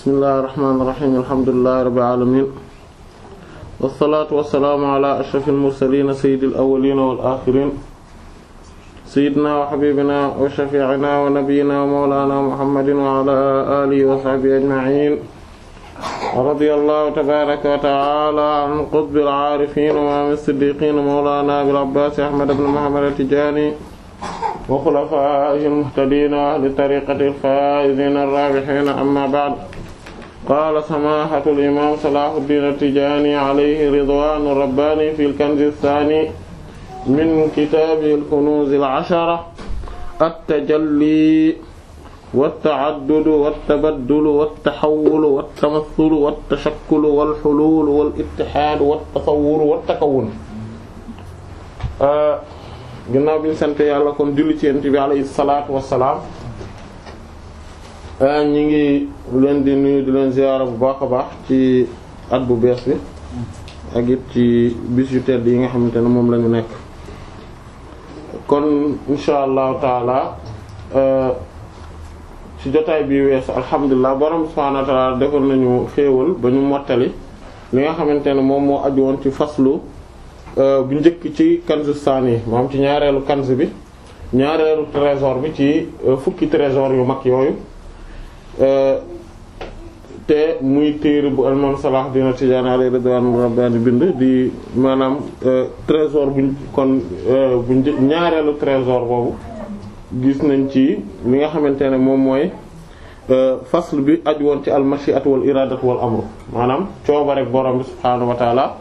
bismillahir rahmanir rahim alhamdulillahi rabbil alamin wassalaatu wassalaamu ala ashrafil mursaliin sayyidil awwaliin wal aaxiriin sayyidinaa wa habiibinaa wa shafii'inaa wa nabiyyinaa wa mawlaanaa muhammadin wa ala aalihi wa sahbihi ajma'iin radiyallaahu tabaaraka wa ta'aalaa an qutbil aarifiin wa imaamil siddiiqiin mawlaanaa abil abbaas ahmad ibn muhammad at-tijaani wa xulafaa'ihil muhtadiin wa ahli tariiqatihil faa'iziin ar-raabihiin ammaa ba'd qaala samaahatul imaam Salaahuddin At-Tijaani alayhi ridwaanu rabbaani fil kanzi saani min kitaabil kunuuzil ashara at-tajalli wat-ta'addud wat-tabaddul wat-tahawwul wat-tamaththul wat-tashakkul wal-hulul wal-ittihaad wat-tasawwur wat-takawwun. ginnaaw bi ñu sant yàlla kon julli ci Yonent bi alayhi salaatu wa salaam. Euh, ñu ngi leen di nuyu di leen ziyaara bu baax a baax ci at bu bees bi ak it ci bis yu tedd yi nga xamante ne moom la nekk kon insha allahu taala euh, ci jotaay bi weesu alhamdulilah borom subhaanahu wa taala defal nañu xéewal ba ñu mottali li nga xamante ne moom moo aju woon ci faslu euh, bu njëkk ci kanzu saani moom ci ñaareelu kanz bi ñaareelu trésor bi ci fukki trésor yu mag yooyu Euh, te muy téere bu alman Salah dina Tijaani alayhi ridwaanu rabbaani bind di maanaam euh, trésor buñ kon euh, buñ ñaareelu trésor boobu gis nañ ci li nga xamante ne moom mooy fasl bi aj woon ci al mashi'at wal iradat wal amru maanaam coobare borom bi subhaanahu wa taala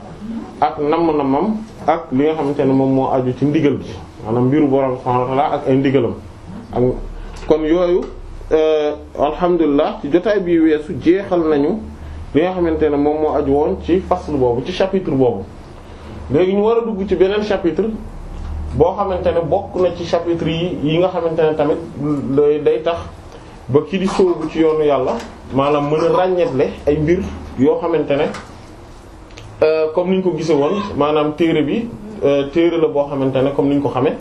ak namm-namam ak li nga xamante ne moom moo aju ci ndigal bi maanaam mbiru borom bi subhaanahu wa ak ay ndigalam ak kon yooyu Euh, alhamdulilah ci jotaay bi weesu jeexal nañu li nga xamante ne moom moo aju woon ci fasl boobu ci chapitre boobu léegi ñu war a dugg ci beneen chapitre boo xamante ne bokk na ci chapitre yi yi nga xamante ne tamit day day tax ba ki di sóobu ci yoonu yàlla maanaam mën a ràññeetle ay mbir yoo xamante ne euh, comme ni ñu ko gise woon maanaam téere bi euh, téere la boo xamante ne comme ni ñu ko xamee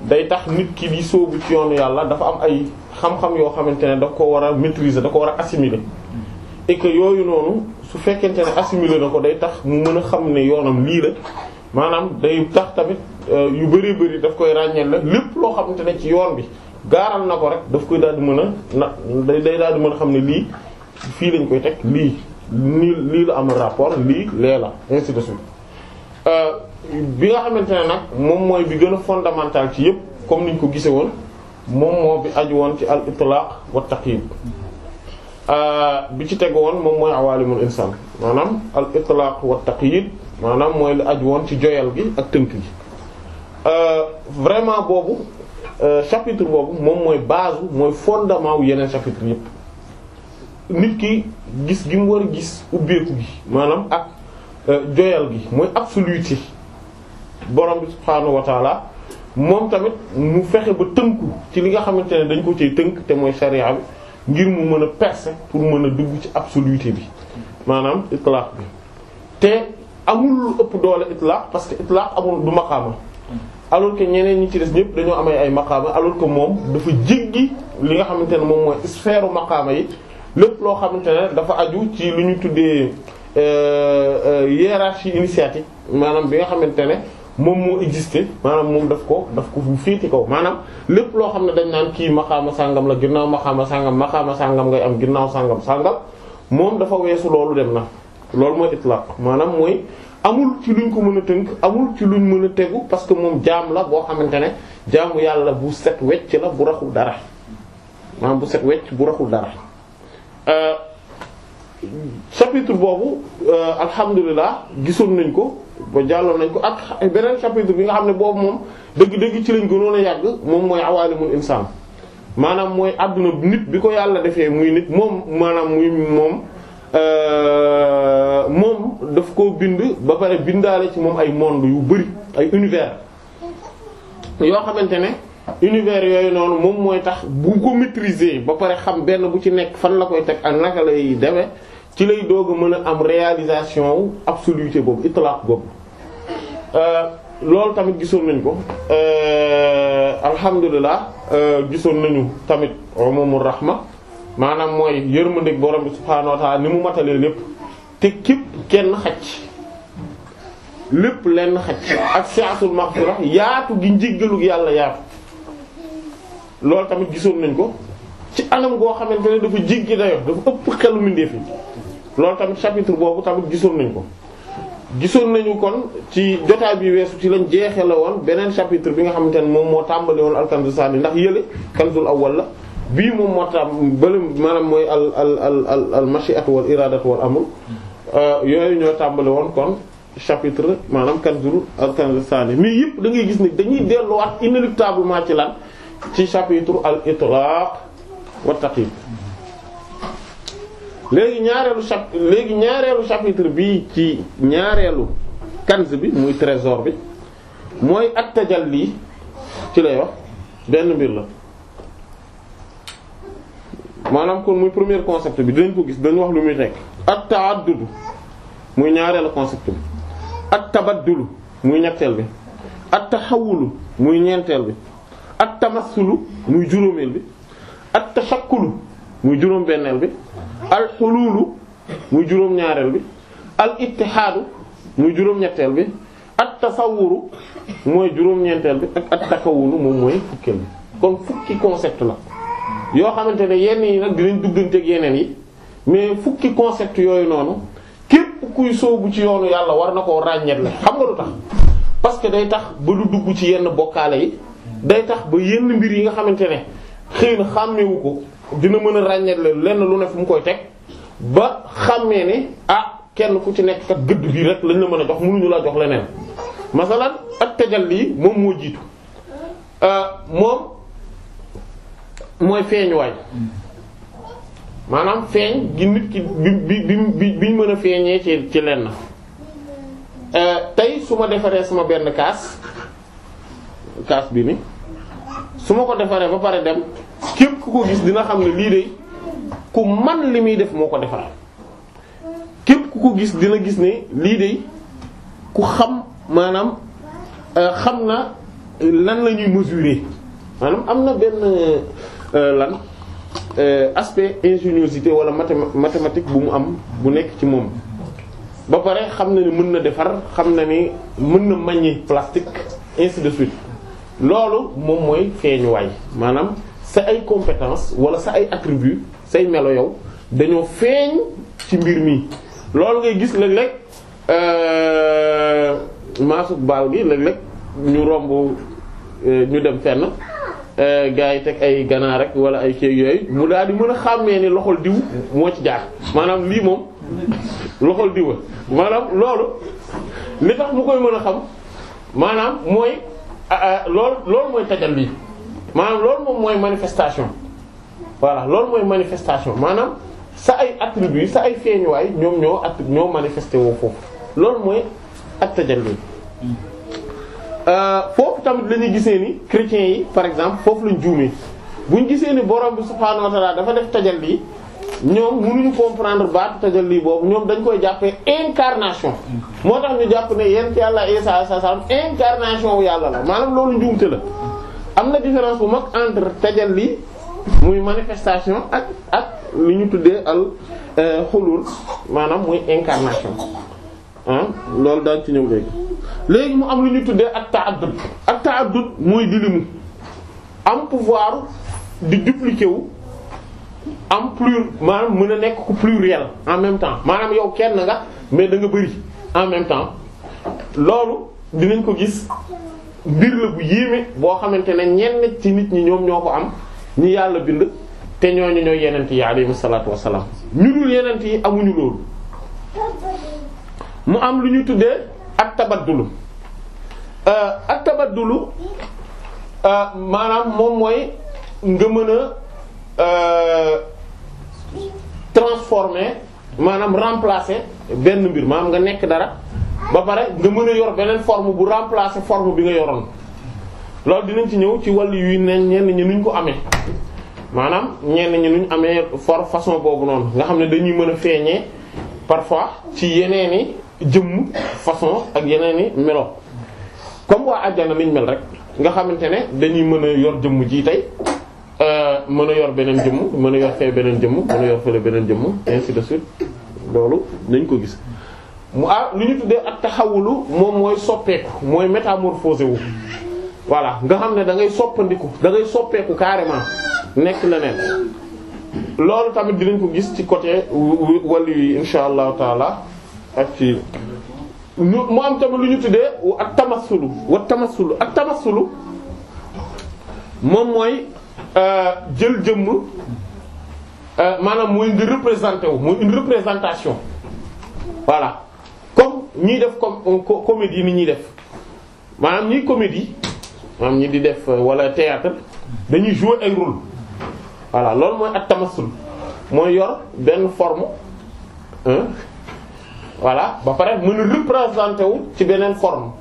day tax nit ki di sóobu ci yoonu yàlla dafa am ay xam-xam yoo xamante ne daf ko war a maîtriser da ko war a assimiler et que yooyu noonu su fekkente ne assimiler na ko day tax mu mën a xam ne yoonam lii la maanaam day tax tamit euh, yu bari bari daf koy ràññee la lépp loo xamante ne ci yoon bi gaaral na ko rek daf koy daal di mën a na day daal di mën a xam ne lii fii lañ koy teg lii nii lii la am rapport lii lee la bi nga xamante ne nag moom mooy bi gën a fondamental ci yépp comme ni ñu ko gise woon moom moo bi aj woon ci al itlaq wa taqyid euh, bi ci tegu woon moom mooy awaalimul insaan maanaam al itlaq wa taqyid maanaam mooy li aju woon ci joyal gi ak tënk gi euh, vraiment boobu euh, chapitre boobu moom mooy base mooy fondement wu yeneen chapitre yépp nit ki gis gi mu war a gis ubbeeku gi maanaam ak joyal gi mooy absoluité borom bi subhaanahu wa moom tamit mu fexe ba tënku ci li nga xamante ne dañ ko ci tënk te mooy sharia bi ngir mu mën a percer pour mën a dugg ci absoluité bi maanaam itlaq bi te amul ëpp doole itlaq parce que itlaq amul du maqaama alors que ñeneen ñi ci des ñëpp dañoo amee ay maqaama alors que moom dafa jéggi li nga xamante ne moom mooy sphère u maqaama yi lépp loo xamante ne dafa aju ci lu ñu tuddee euh, euh, hiérarchie initiatique maanaam bi nga xamante ne moom moo existé maanaam moom daf ko daf ko féete kaw maanaam lépp loo xam ne dañ naan kii maxaama sàngam la ginnaaw maxaama sàngam maxaama sàngam ngay am ginnaaw sàngam sàngam moom dafa weesu loolu dem na loolu mooy itlaq maanaam mooy amul ci luñ ko mën a tënk amul ci luñ mën a tegu parce que moom jaam la boo xamante ne jaamu yàlla bu set wecc la bu raxul dara maanaam bu set wecc bu raxul dara euh, chapitre boobu euh, alhamdulilah gisoon nañ ko ba jàlloo nañ ko ak beneen chapitre bi nga xam ne boobu moom dëgg-dëgg ci lañ gënoon a yàgg moom mooy awaalimul insaan maanaam mooy àdduna nit bi ko yàlla defee muy nit moom maanaam muy moom euh, moom daf koo bind ba pare bindaale ci moom ay monde yu bari ay univers yoo xamante ne univers yooyu noonu moom mooy tax bu ko maîtriser ba pare xam benn bu ci nekk fan la koy teg ak naka lay demee ci lay doogu mën a am réalisation wu boobu itlaq boobu euh, loolu tamit gisoon nañ ko euh, alhamdulilah euh, gisoon nañu tamit umumur rahma maanaam mooy yërmandeeg borom bi subhaanahu wa ni mu matalee lépp te képp kenn xaj lépp lenn xaj ak si'atul maghfira yaatu gi njéggalug yàlla yaatu loolu tamit gisoon nañ ko ci anam goo xamante ne dafa jéggi dayo dafa ëpp xelu mindeef yi loolu tamit chapitre boobu tamit gisoon nañ ko gisoon nañu kon ci jotaay bi weesu ci lañ jeexee la woon beneen chapitre bi nga xamante ne moom moo tàmbali woon alkanzu saani ndax yële kanzul awwal la bii moom moo tam bële maanaam mooy al al al al al mashi'atu wal iradatu wal amr euh, yooyu ñoo tàmbali woon kon chapitre maanaam kanzul alkanzu saani mais yëpp da ngay gis ne dañuy delluwaat inéluctablement ci lan ci chapitre al itlaq wa léegi ñaareelu chap ñaareelu chapitre bi ci ñaareelu kans bi muy trésor bi mooy at-tajalli ci lay wax benn mbir la maanaam kon muy premier concept bi dañ ko gis dañu wax lu muy nekk at-ta'addud muy ñaareelu concept bi at-tabaddul muy ñetteel bi at-tahawul muy ñeenteel bi at-tamassulu muy juróomeel bi at-tashakkul muy juróom benneel bi al xuluulu muy juróom-ñaareel bi al ittihaadu muy juróom-ñetteel bi at tasawuru mooy juróom-ñeenteel bi ak at takawunu moom mooy fukkeel bi kon fukki concept la yoo xamante ne yenn yi nag dinañ dugganteeg yeneen yi mais fukki concept yooyu noonu képp kuy soobu ci yoonu yàlla war na koo ràññeet la xam nga lu tax parce que day tax ba du dugg ci yenn bokkaale yi day tax ba yenn mbir yi nga xamante ne xëy xàmmewu ko dina mën a ràññeeku lenn lu ne fu mu koy teg ba xàmmee ne ah kenn ku ci nekk kat gëdd bii rek lañ la mën a jox mënuñu laa jox leneen. masalan ak tajalli moom moo jiitu euh, moom mooy feeñuwaay maanaam feeñ gi nit ki bi bi bi bi ñu mën a feeñee ci ci lenn. Euh, tey su ma defaree sama benn kaas kaas bi ni su ma ko defaree ba pare dem. képp ku ko gis dina xam ne lii de ku man li muy def moo ko defar képp ku ko gis dina gis ne lii de ku xam maanaam euh, xam na lan la ñuy mesurer maanaam am na benn euh, lan euh, aspect ingéniosité wala mathématique bu mu am bu nekk ci moom ba pare xam na ni mën na defar xam na ni mën na manier plastique ainsi de suite loolu moom mooy feeñuwaay maanaam sa ay compétence wala sa ay attribut say melo yow dañoo feeñ ci mbir mi loolu ngay gis léeg-léeg euh, maasuk baal gi lañ léeg ñu romb euh, ñu dem fenn euh, gars yi teg ay ganaar rek wala ay ceeb yooyu mu daal di mën a xàmmee ni loxol diw moo ci jaar maanaam lii moom loxol diwa maanaam loolu li tax mu koy mën a xam maanaam mooy ah, ah, loolu loolu mooy tajal lii maanaam loolu moom mooy manifestation voilà loolu mooy manifestation maanaam sa ay attribut sa ay feeñuwaay ñoom ñoo att ñoo manifesté woo foofu loolu mooy ak tajalli euh, foofu tamit la gisee ni chrétiens yi par exemple foofu lañ juumee buñ gisee ni borom bi subhaanahu wa ta'ala dafa def tajal tajalli ñoom mënuñu comprendre baatu tajalli boobu ñoom dañ koy jàppee incarnation moo tax ñu jàpp ne yéen ci yàlla Isa sa incarnation wu yàlla la maanaam loolu njuumte la am na différence bu mag entre li muy manifestation ak ak lu ñu tuddee al euh, xulul maanaam muy incarnation ah loolu daan ci ñëw léegi léegi mu am lu ñu tuddee ak ta'addud ak ta'addud mooy di limu am pouvoir di dupliquer wu am plur maanaam mun a nekk ku pluriel en même temps maanaam yow kenn nga mais da nga en même temps loolu dinañ ko gis mbir la bu yéeme boo xamante ne ñenn ci nit ñi ñoom ñoo ko am ñi yàlla bind te ñooñu ñooy yenent yi alayhi salaatu wassalaam ñu dul yenent yi amuñu loolu mu am lu ñu tuddee ak tabaddulu euh, ak tabaddulu euh, maanaam moom mooy nga mën a euh, transformer maanaam remplacer benn mbir maam nga nekk dara ba pare nga mën a yor beneen forme bu remplacer forme bi nga yoroon loolu dinañ ci ñëw ci wàll yu ne ñenn ñi nuñ ko amee maanaam ñenn ñi nuñ amee for façon boobu noonu nga xam ne dañuy mën a feeñee parfois ci yeneeni jëmm façon ak yeneeni melo comme waa àjjana niñ mel rek nga xamante ne dañuy mën a yor jëmm ji tey euh, mën a yor beneen jëmm mën a yor fee beneen jëmm mën a yor fële beneen jëmm ainsi de suite loolu nañ ko gis mu ah lu ñu tuddee ak taxawulu moom mooy soppeeku mooy métamorphosé wu voilà nga xam ne da ngay soppandiku da ngay soppeeku carrément nekk la leneen loolu tamit dinañ ko gis ci côté wàllu yi insha allahu taala ak ci mu am tamit lu ñu tuddee ak tamasulu ak tamasulu moom mooy euh, jël jëmm euh, maanaam mooy nga représenté wu mooy une représentation voilà ñiy def com comédie ni ñuy def maanaam ñiy comédie maanaam ñi di def euh, wala théâtre dañuy jouer ay rôle voilà loolu mooy at tamasul mooy yor benn forme voilà ba pare mën a représenter wu ci beneen forme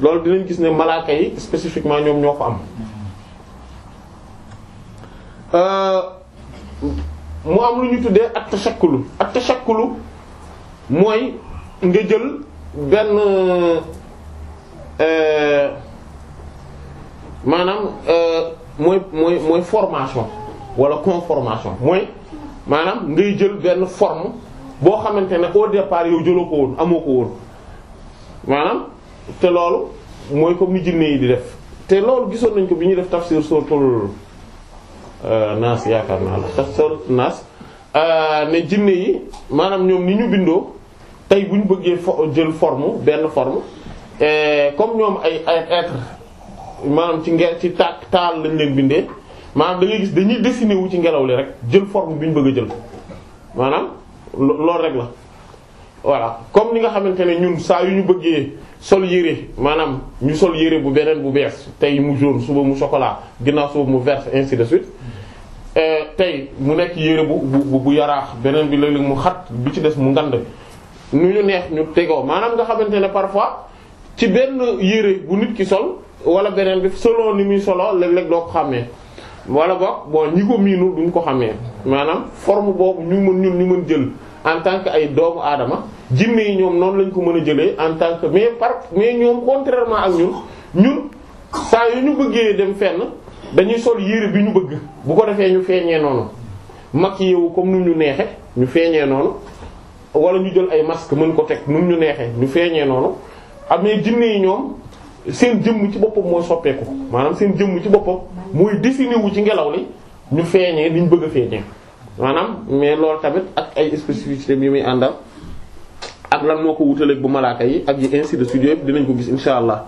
loolu dinañ gis ne malaaka yi spécifiquement ñoom ñoo ko am euh, mu am lu ñu tuddee at tashakkulu at tashakkulu mooy nga jël benn euh, maanaam euh, mooy mooy mooy formation wala conformation mooy maanaam ngay jël benn forme boo xamante ne au départ yow jëloo ko woon amoo ko woon maanaam te loolu mooy comme ni jinne yi di def te loolu gisoon nañ ko bi ñuy def tafsir suratul euh, naas yaakaar naa la tafsir naas ne jinne yi maanaam ñoom ni ñu bindoo tey bu ñu bëggee fo jël forme benn forme eh, comme ñoom ay ay être maanaam ci nge ci ta taal lañ leen bindee maanaam da gis dañuy dessiner wu ci ngelaw li rek jël forme bi ñu bëgg a jël maanaam loolu rek la. voilà comme ni nga xamante ne ñun saa yu ñu bëggee sol yére maanaam ñu sol yére bu beneen bu bees tey mu jaune suba mu chocolat ginnaaw suba mu vert ainsi de suite eh, tey mu nekk yére bu bu bu yaraax beneen bi léeg-léeg mu xat bi ci des mu ngand nu ñu neex ñu tegoo maanaam nga xamante ne parfois ci benn yére bu nit ki sol wala beneen bi selon li muy solo léeg-léeg doo ko xàmmee wala boog bon ñi ko miinu duñ ko xamee maanaam forme boobu ñu mën ñun ñu mën jël en tant que ay doomu aadama jinne yi ñoom noonu lañ ko mën a jëlee en tant que mais par mais ñoom contrairement ak ñun ñun saa yu ñu bëggee dem fenn dañuy sol yére bi ñu bëgg bu ko defee ñu feeñee noonu maquillé wu comme nu ñu neexe ñu feeñee noonu wala ñu jël ay masque mën ko teg nu ñu neexee ñu feeñee noonu amee ah, jinne yi ñoom seen jëmm ci boppam mooy soppeeku maanaam seen jëmm ci boppam mooy dessiné wu ci ngelaw li ñu feeñee li ñu bëgg a feeñee maanaam mais loolu tamit ak ay spécificité yi muy àndal ak lan moo ko wutaleeg bu malaaka yi ak yi ainsi de suite yëpp dinañ ko gis insha allah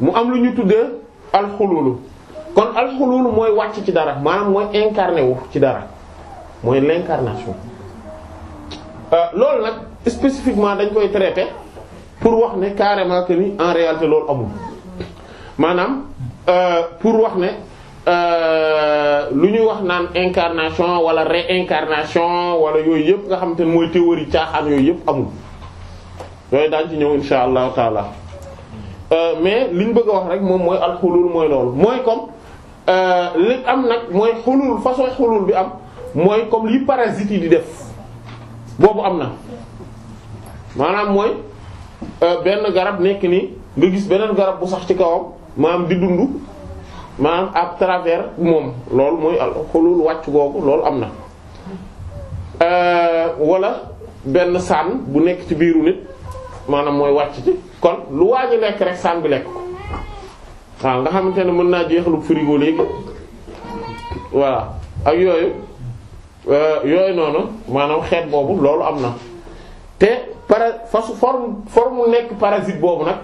mu am lu ñu tuddee alxululu kon alxululu mooy wàcc ci dara maanaam mooy incarné wu ci dara mooy l'incarnation Euh, loolu nag spécifiquement dañ koy traité pour wax ne carrément que ni en réalité loolu amul maanaam euh, pour wax ne euh, lu ñuy wax naan incarnation wala réincarnation wala yooyu yëpp nga xam te ne mooy théorie caaxaan yooyu yëpp amul yooyu daañ ci ñëw insha allahu taala mais li ñu bëgg a wax rek moom mooy alxulul mooy loolu mooy comme li am nag mooy xulul façon xulul bi am mooy comme li parasite yi di def boobu am na maanaam mooy euh, benn garab nekk ni nga gis beneen garab bu sax ci kawam maam di dund maanaam à travers moom loolu mooy xulul wàcc googu loolu am na euh, walla benn saan bu nekk ci biiru nit maanaam mooy wàcc ci kon lu waaji lekk rek saan bi lekk ko waaw nga xamante ne mën naa jeexalu frigo léegi voilà ak yooyu Euh, yooyu noonu maanaam xeet boobu loolu am na te para façon forme forme nekk parasite boobu nag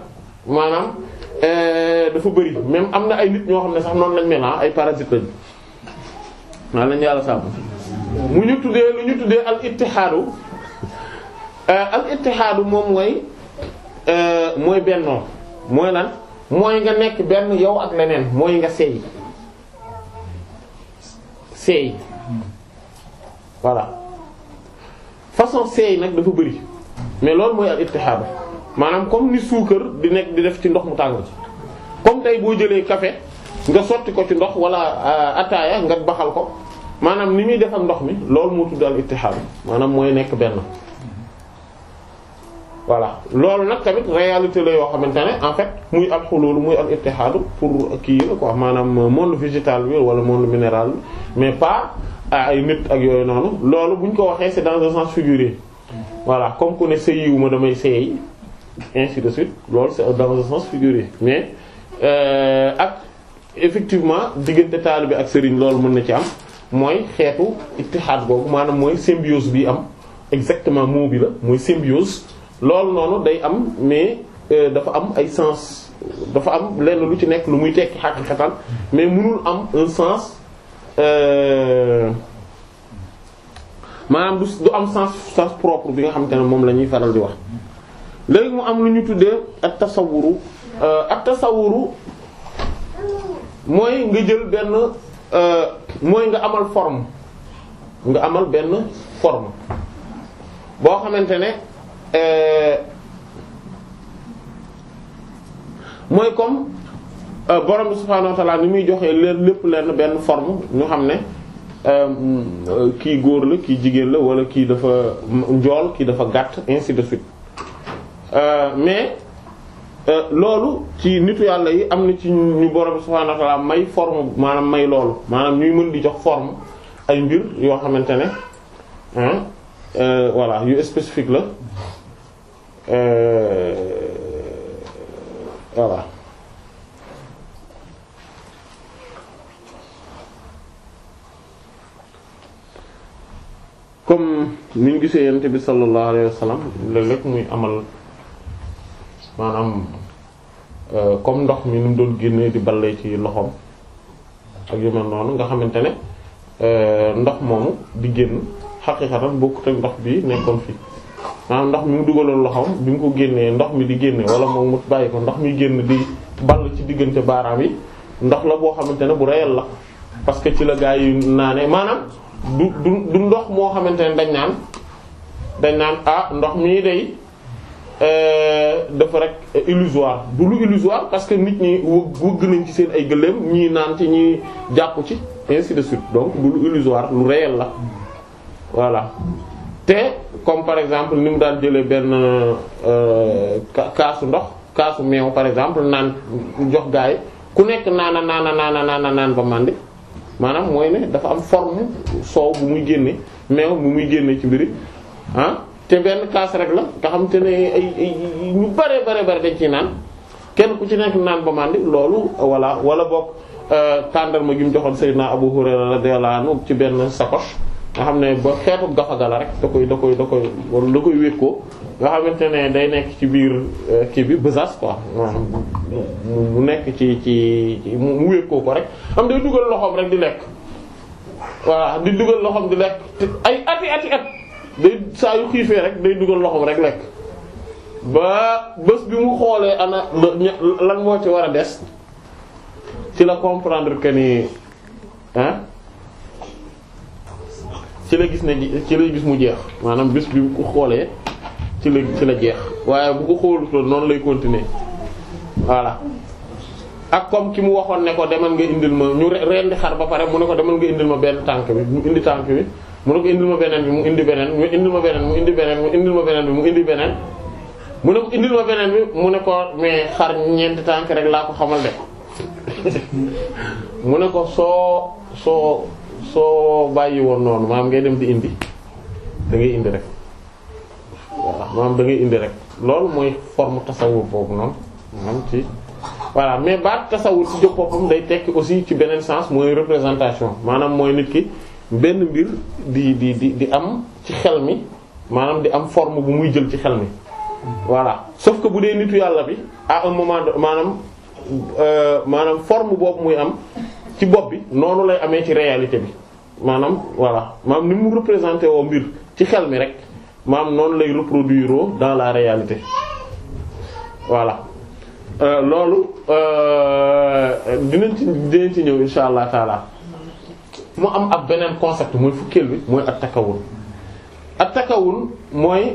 maanaam euh, dafa bëri même am na ay nit ñoo xam ne sax noonu lañ mel ah, ay parasite lañ maa lañu yàlla sàmm mu ñu tuddee lu ñu tuddee al ittihaadu euh, moom mooy mooy bennoo mooy lan mooy nga nekk benn yow ak leneen mooy nga seey seey voilà façon seey nag dafa bëri mais loolu mooy al ittihaad maanaam comme ni suukar di nekk di def ci ndox mu tàng ci comme tey boo jëlee kafe nga sotti ko ci ndox wala euh, ataaya nga baxal ko maanaam ni muy def ak ndox mi loolu moo tudd al ittihaad maanaam mooy nekk benn voilà loolu nag tamit réalité la yoo xamante ne en fait muy al xulul muy al ittihaad pour kii la quoi maanaam euh, monde végétal bi wala monde minéral mais pas Ah, ay nit ak yooyu noonu loolu buñ ko waxee c'est dans un sens figuré voilà comme ku ne sëyiwu ma damay sëy ainsi de suite loolu c'est dans un sens figuré mais euh, ak effectivement diggante bi ak sëriñ loolu mën na ci am mooy xeetu ittihaad boobu maanaam mooy symbiose bi am exactement mot bi la mooy symbiose loolu noonu day am mais euh, dafa am ay sens dafa am lenn lu ci nekk lu muy tekki xaqiqatan mais mënul am un sens Euh, maanaam du du am sens sens propre bi nga xamante ne moom la ñuy faral di wax léegi mu am lu ñu tuddee ak tasawuru euh, ak tasawuru mooy nga jël benn euh, mooy nga amal forme nga amal benn forme boo xamante ne mooy comme Euh, borom bi subhaanahu wa ni muy joxee leen lépp leen benn forme ñu xam ne euh, euh, kii góor la kii jigéen la wala kii dafa njool kii dafa gàtt ainsi de suite mais loolu ci nitu yàlla yi am na ci ñu borom bi subhaanahu wa may forme maanaam may loolu maanaam ñuy mën di jox form ay mbir yoo xamante ne voilà yu spécifique la voilà comme ni ñu gisee yonent bi sallallahu alayhi wa sallam muy amal maanaam euh, comme ndox mi ni mu doon génnee di ballee ci loxoom ak yu mel noonu nga xamante ne euh, ndox moomu di génn xaqiiqatan bokkut ak ndox bi nekkoon fii maanaam ndox mi mu dugaloon loxoom bi mu ko génnee ndox mi di génne walla moom mu bàyyi ko ndox mi génn di ball ci diggante baaraam yi ndox la boo xamante ne bu reyal la parce que ci la gaa yi naanee maanaam. du du du ndox moo xamante ne dañ naan dañ naan ah ndox mii day euh, dafa rek illusoire du lu illusoire parce que nit ñi wëgg nañ ci seen ay gëléem ñii naan ci ñii jàpp ci ainsi de suite donc du lu illusoire lu réel la voilà te comme par exemple ni mu daan jëlee benn euh, kaasu ndox kaasu meew par exemple naan jox gaay ku nekk naana naana naana naana naan ba màndi maanaam mooy ne dafa am form soow bu muy génne meew bu muy génne ci mbiri ah te benn kaas rek la nga xam te ne ay ñu bare bare bare dañ ciy naan kenn ku ci nekk naan ba màndi loolu walla walla bokk euh, tàndarma gi mu joxoon Seydina Abu Hurayra radiyallahu anhu ci benn sacoche nga xam ne ba xeetu gafaga la rek da koy da koy da koy wala da wéet ko nga xamante ne day nekk ci biir euh, kii bi besace quoi mu nekk ci ci mu wéet ko ko rek am day dugal loxoom rek di lekk waa di dugal loxoom di lekk te ay ati ati at day saa yu xiifee rek day dugal loxoom rek lekk ba bés bi mu xoolee ana lan moo ci war a des ci la comprendre que ni ah ci la gis ne ci lay gis mu jeex maanaam bés bi bu xoolee ci la ci la jeex waaye bu ko xoolutoon noonu lay continuer voilà ak comme ki mu waxoon ne ko demal nga indil ma ñu rendi xar ba pare mu ne ko demal nga indil ma benn tànk bi mu indi tànk bi mu ne ko indil ma beneen bi mu indi beneen mu indil ma beneen mu indi beneen mu indil ma beneen bi mu indi beneen mu ne ko indil ma beneen bi mu ne ko mais xar ñeenti tànk rek laa ko xamal de mu ne ko soo soo soo bàyyi woon noonu maam ngay dem di indi da ngay indi rek voilà maam da ngay indi rek loolu mooy form tasawur boobu noonu maam ci voilà mais baat tasawur ci jëppoopam day tekki aussi ci beneen sens mooy représentation maanaam mooy nit ki benn mbir di di di di am ci xel mi maanaam di am forme bu muy jël ci xel mi voilà sauf que bu dee nitu yàlla bi à un moment maanaam euh, maanaam forme boobu muy am ci bopp bi noonu lay amee ci réalité bi maanaam voilà maanaam ni mu représenté woo mbir ci xel mi rek maanaam noonu lay reproduire woo dans la réalité voilà euh, loolu euh, dinañ ci dinañ ci ñëw insha allah taala mu am ab beneen concept mooy fukkeel bi mooy at takkawul at takkawul mooy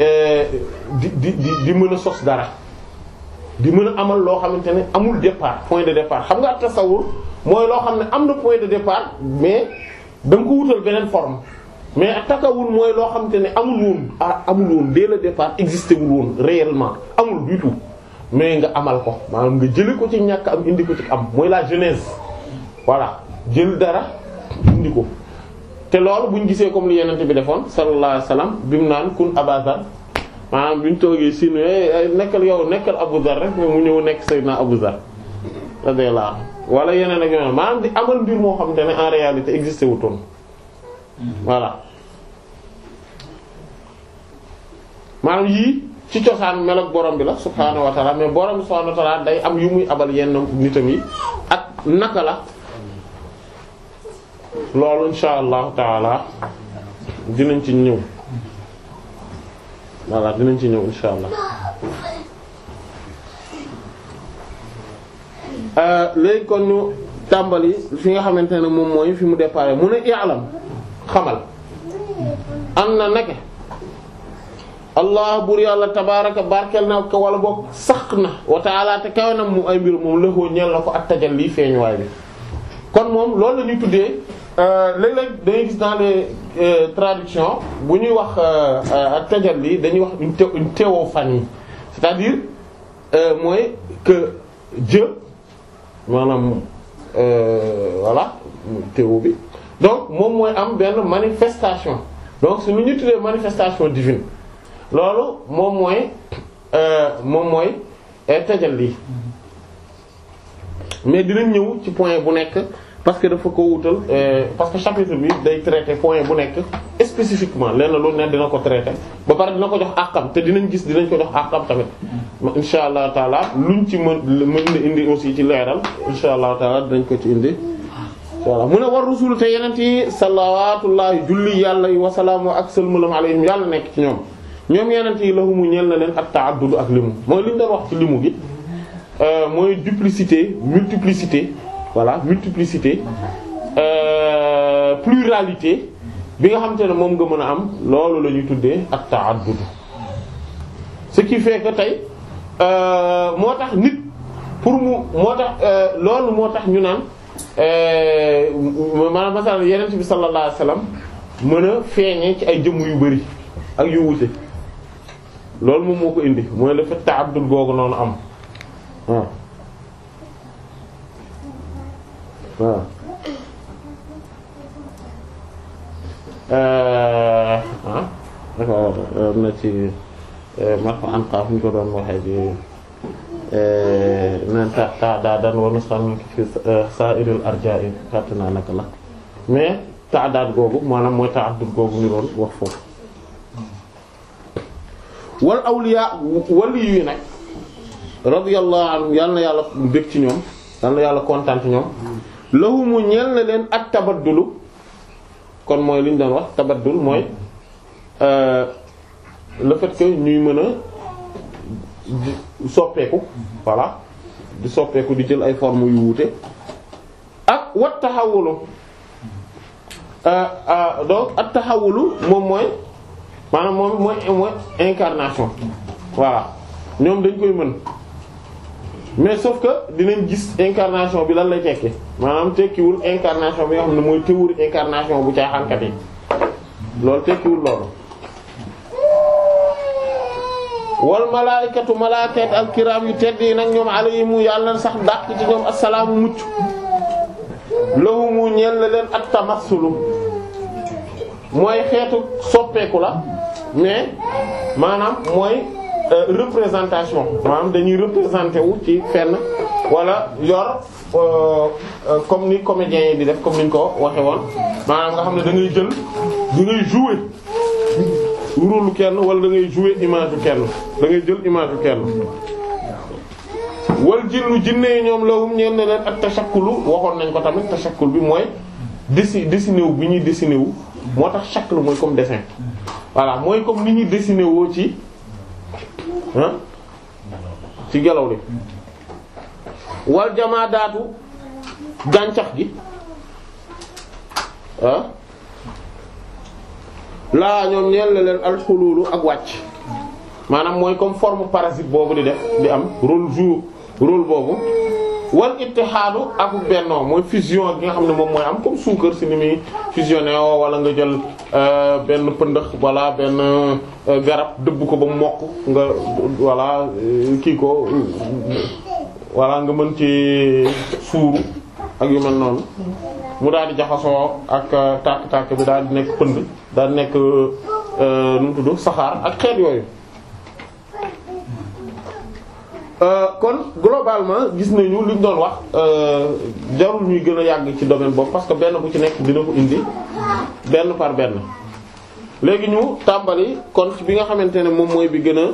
euh, di di di mën a sos dara di mën a amal loo xamante ne amul départ point de départ xam nga ak tasawur mooy loo xam ne am na point de départ mais da ko wutal beneen forme mais ak tasawur mooy loo xamante ne amul woon ah amul woon dès le départ existé wul woon réellement amul du tout mais nga amal ko maanaam nga jëli ko ci ñàkk am indi ko ci am mooy la genèse voilà jël dara indi ko te loolu buñ gisee comme li yenente bi defoon sallallahu alayhi wasallam bi mu naan kun abazar maanaam ah, bi ñu toogee siin eh, eh, nekkal yow nekkal Abu Zar rek mu ñëw nekk Seydina Abu Zar radiyallahu wala yeneen ak yeneen maanaam di amal mbir moo xamante ne en réalité existé wutoon voilà maanaam yii ci cosaan mel borom bi la subhaanahu wa ta'ala mais borom bi subhaanahu wa day am yu muy abal yenn nitam yi ak naka la loolu insha allahu taala dinañ ci ñëw voilà dinañ ci ñëw insha allah euh, léegi kon ñu tàmbali fi nga xamante ne moom mooy fi mu départ mu ne i'lam xamal am na naka allah bur yàlla tabaraka barkeel na ko wala boog sax na wa ta'ala te kawe mu ay mbir moom lëxoo ñeel na ko at tajal lii feeñuwaay bi kon moom loolu la tuddee Euh, léeg-léeg dañuy gis dans les euh, tradition bu ñuy wax euh, ak lii dañuy wax une thé une théophanie c'est-à-dire mooy que Dieu maanaam voilà théo bi donc moom mooy am benn manifestation donc su lu ñu tuddee manifestation divine loolu moom mooy moom mooy tajalli mm-hmm. mais dinañ ñëw ci point bu nekk. parce que dafa ko wutal eh, parce que chapitre bi day traiter point bu nekk spécifiquement lenn loolu ne dina ko traité ba pare dina ko jox àqam te dinañ gis dinañ ko jox àqam tamit insha allah taala luñ ci mën indi aussi ci leeral insha allah taala dinañ ko ci indi insha allah mu ne war rasul te yeneen yi salawaatullaahi julli yàlla yi wasalaamu ak sëlmalam alayhim yàlla nekk ci ñoom ñoom yeneen yi lahumu ñeel na leen ak ta'addud ak limu mooy liñ doon wax ci limu gi eh, mooy duplicité multiplicité voilà multiplicité euh, pluralité bi nga xamante ne moom nga mën a am loolu lañuy ñuy tuddee ak ta'addud ce qui fait que tey euh, moo tax nit pour mu moo tax euh, loolu moo tax ñu naan euh, maanaam masal yeneen bi sallallahu alayhi mën a feeñee ci ay jëmm yu bëri ak yu wuute loolu moom moo ko indi mooy le fait ta'addud googu noonu am waaw waaw ah na ci mar fa anqaaf ñu ko doon waxee ji neen ta ta daa daan war na sànni fi euh, sa'iril arja'i fàtte naa naka la mais taadaat googu maanaam mooy ta'addud googu ñu wax foofu wal awliya wali yi nag radiyallahu anhum yal na yàlla bég ci ñoom yal yàlla kontaan ñoom lahumu ñeel na leen ak tabaddulu kon mooy li doon wax tabaddul mooy euh, le fait que ñuy mën a soppeeku voilà di soppeeku di jël ay formes yu wuute ak wat taxawulu euh, euh, donc ak taxawulu moom mooy maanaam moom mooy incarnation voilà ñoom dañ koy mën mais sauf que dinañ gis incarnation bi lan lay tekki maanaam tekkiwul incarnation bi nga xam ne mooy théorie incarnation bu caaxaankat yi loolu tekkiwul loolu wal malaayikatu malaaykat al kiram yu tedd yi nag ñoom alayhimu yàlla sax dàq ci ñoom assalaamu mucc lahumu ñeel na leen at tamassulu mooy xeetu soppeeku la mais maanaam mooy Euh, représentation maanaam dañuy représenté wu ci fenn wala yor euh, euh, comme ni comédiens yi di def comme ni ñu ko waxe woon maanaam nga xam ne da ngay jël da ngay jouer rôle kenn wala da ngay jouer image u kenn da ngay jël image u kenn wal jinnu jinne yi ñoom lawum ñeen ne leen ak tashakkulu waxoon nañ ko tamit tashakkul bi mooy desi dessiné wu bi ñuy dessiné wu moo tax shaklu mooy comme dessin voilà mooy comme ni ñuy dessiné ci ah ci ngelaw li wal jamaadaatu gàncax gi ah laa ñoom ñeen leen alxuluulu ak wàcc maanaam mooy comme forme parasite boobu di def di am rôle jour rôle boobu wal xaalu ak bennoo mooy fusion gi nga xam ne moom mooy am comme suukar si ni muy fusionné oo wala nga jël euh, benn pëndëx wala benn euh, garab dëbb ko ba mu mokk nga wala euh, kii ko wala nga mën ci suuru ak yu mel noonu mu daal di jaxasoo ak tàkk-tàkk bi daal di nekk pënd daal di nekk nu mu tudd saxaar ak xeet yooyu Euh, kon globalement gis nañu li ñu doon wax euh, jarul ñuy gën a yàgg ci domaine boobu parce que benn bu ci nekk dina ko indi benn par benn léegi ñu tàmbali kon ci bi nga xamante ne moom mooy bi gën a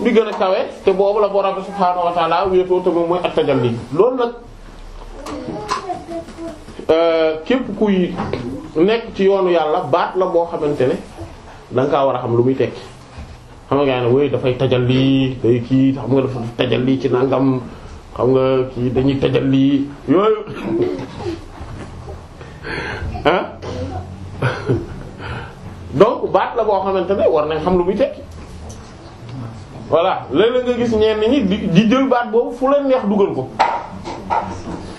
bi gën a kawe te boobu la borom bi subhaanahu wa ta'ala wéetoo te moom mooy at-tajalli loolu nag euh, képp kuy nekk ci yoonu yàlla baat la boo xamante ne da nga war a xam lu muy tekki xam nga wooy dafay tajal lii day kii tajal lii ci nangam xam nga kii dañuy tajal lii yooyu ah donc baat la boo xamante ne war nañ xam lu muy tekki voilà léeg-léeg nga gis ñenn ñi di jël baat boobu fu leen neex dugal ko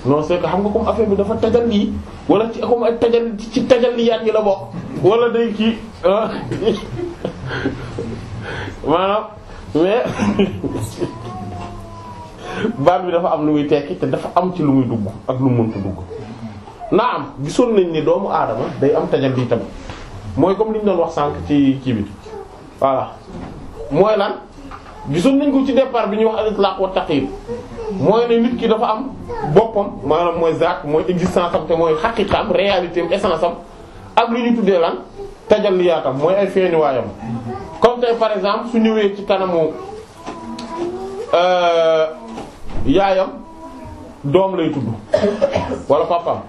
non c'est xam nga comme affaire bi dafa tajal lii wala ci comme tajal ci tajal lii yaat yi la bokk wala day kii maanaam mais baat bi dafa am lu muy tekki te dafa am ci lu muy dugg ak lu mënta dugg naa am gisoon nañ ni doomu aadama day am tajal bi tamit mooy comme li ñu doon wax sànq ci kii bi voilà mooy lan gisoon nañ ko ci départ bi ñuy wax al-itlaq wa taqyid mooy ne nit ki dafa am boppam maanaam mooy zaat mooy existence am te mooy xaqiqaam réalité am essence am ak lu ñu tuddee lan tajalliyaatam mooy ay feeñuwaayam comme tey par exemple su ñëwee ci kanamu euh, yaayam doom lay tudd wala papaam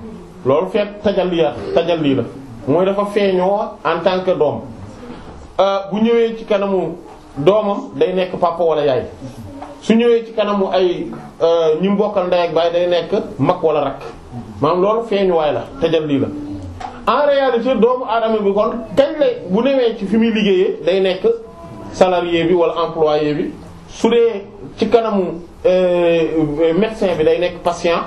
loolu fekk tajalliya tajalli la mooy dafa feeñoo en tant que doom euh, bu ñëwee ci kanamu doomam day nekk papa wala yaay su ñëwee ci kanamu ay euh, ñi mbokkal ndey ak baay day nekk mag wala rakk maanaam loolu feeñuwaay la tajalli la. en réalité doomu aadama bi kon kañ lay bu newee ci fi muy liggéeyee day nekk salarié bi wala employé bi su dee ci kanamu euh, médecin bi day nekk patient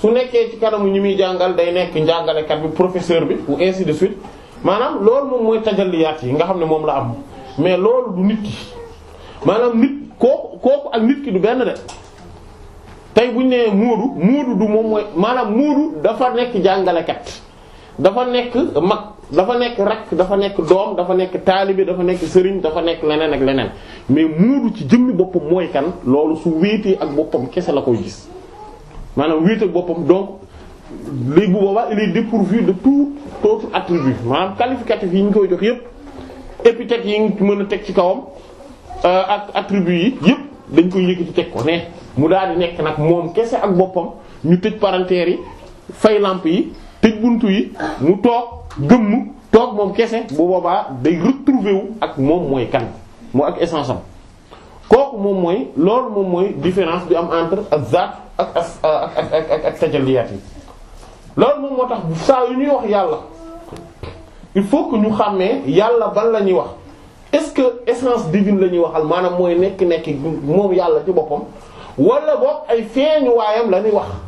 su nekkee ci kanamu ñi muy jàngal day nekk njàngalekat bi professeur bi ou ainsi de suite maanaam loolu moom mooy tajalliyaat yi nga xam ne moom la am mais loolu du nit ki maanaam nit kooku kooku ak nit ki du benn de tey bu ñu nee muudu muudu du moom mooy maanaam muudu dafa nekk jàngalekat. dafa nekk mag dafa nekk rakk dafa nekk doom dafa nekk taalibe dafa nekk sëriñ dafa nekk leneen ak leneen mais muudu ci jëmmi boppam mooy kan loolu su wéetee ak boppam kese la koy gis maanaam wéet boppam donc léegi bu boobaa il est dépourvu de tout autre attribut maanaam qualificatif yi ñu koy jox yépp épithètes yi mën a teg ci kawam euh, ak attribut yi yépp dañ koy yëkkati teg ko ne mu daal di nekk nag moom kese ak boppam ñu tëj parenthèses yi fay lamp yi. tëj buntu yi mu toog gëmm toog moom kese bu boobaa day retrouver wu ak moom mooy kan moo ak essence am kooku moom mooy loolu moom mooy différence bi am entre azat euh, ak ak ak ak tajalliyaat yi loolu moom moo tax saa yu ñuy wax yàlla il faut que ñu xàmmee yàlla ban la ñuy wax est-ce que essence divine la ñuy waxal maanaam mooy nekk-nekk moom yàlla ci boppam wala boog ay feeñu waayam la wax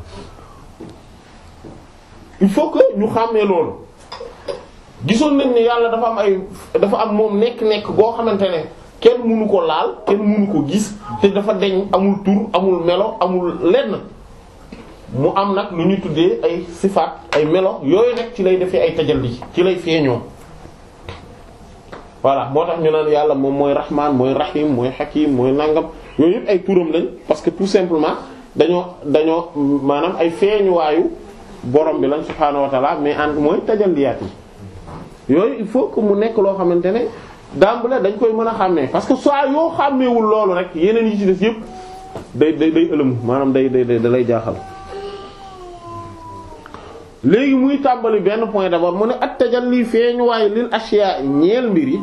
il faut que ñu xàmmee loolu gisoon nañ ni yàlla dafa am ay dafa am moom nekk-nekk boo xamante ne kenn mënu ko laal kenn mënu ko gis te dafa deñ amul tur amul melo amul lenn mu am nag lu ñuy tuddee ay sifaat ay melo yooyu nag ci lay defee ay tajalli ci lay feeñoo voilà moo tax ñu naan yàlla moom mooy rahmaan mooy rahim mooy hakim mooy nangam yooyu yëpp ay turam lañ parce que tout simplement dañoo dañoo maanaam ay feeñuwaayu borom bi lañ subhaanahu wa mais en mooy tajalliyaat yi yooyu il faut que mu nekk loo xamante ne dàmbale dañ koy mën a xàmmee parce que soit yoo xàmmeewul loolu rek yeneen yi ci des yëpp day day day maanaam day day dalay jaaxal. léegi muy tàmbali benn point d'abord mu ne at tajalli feeñuwaay lil ashiya ñeel mbir yi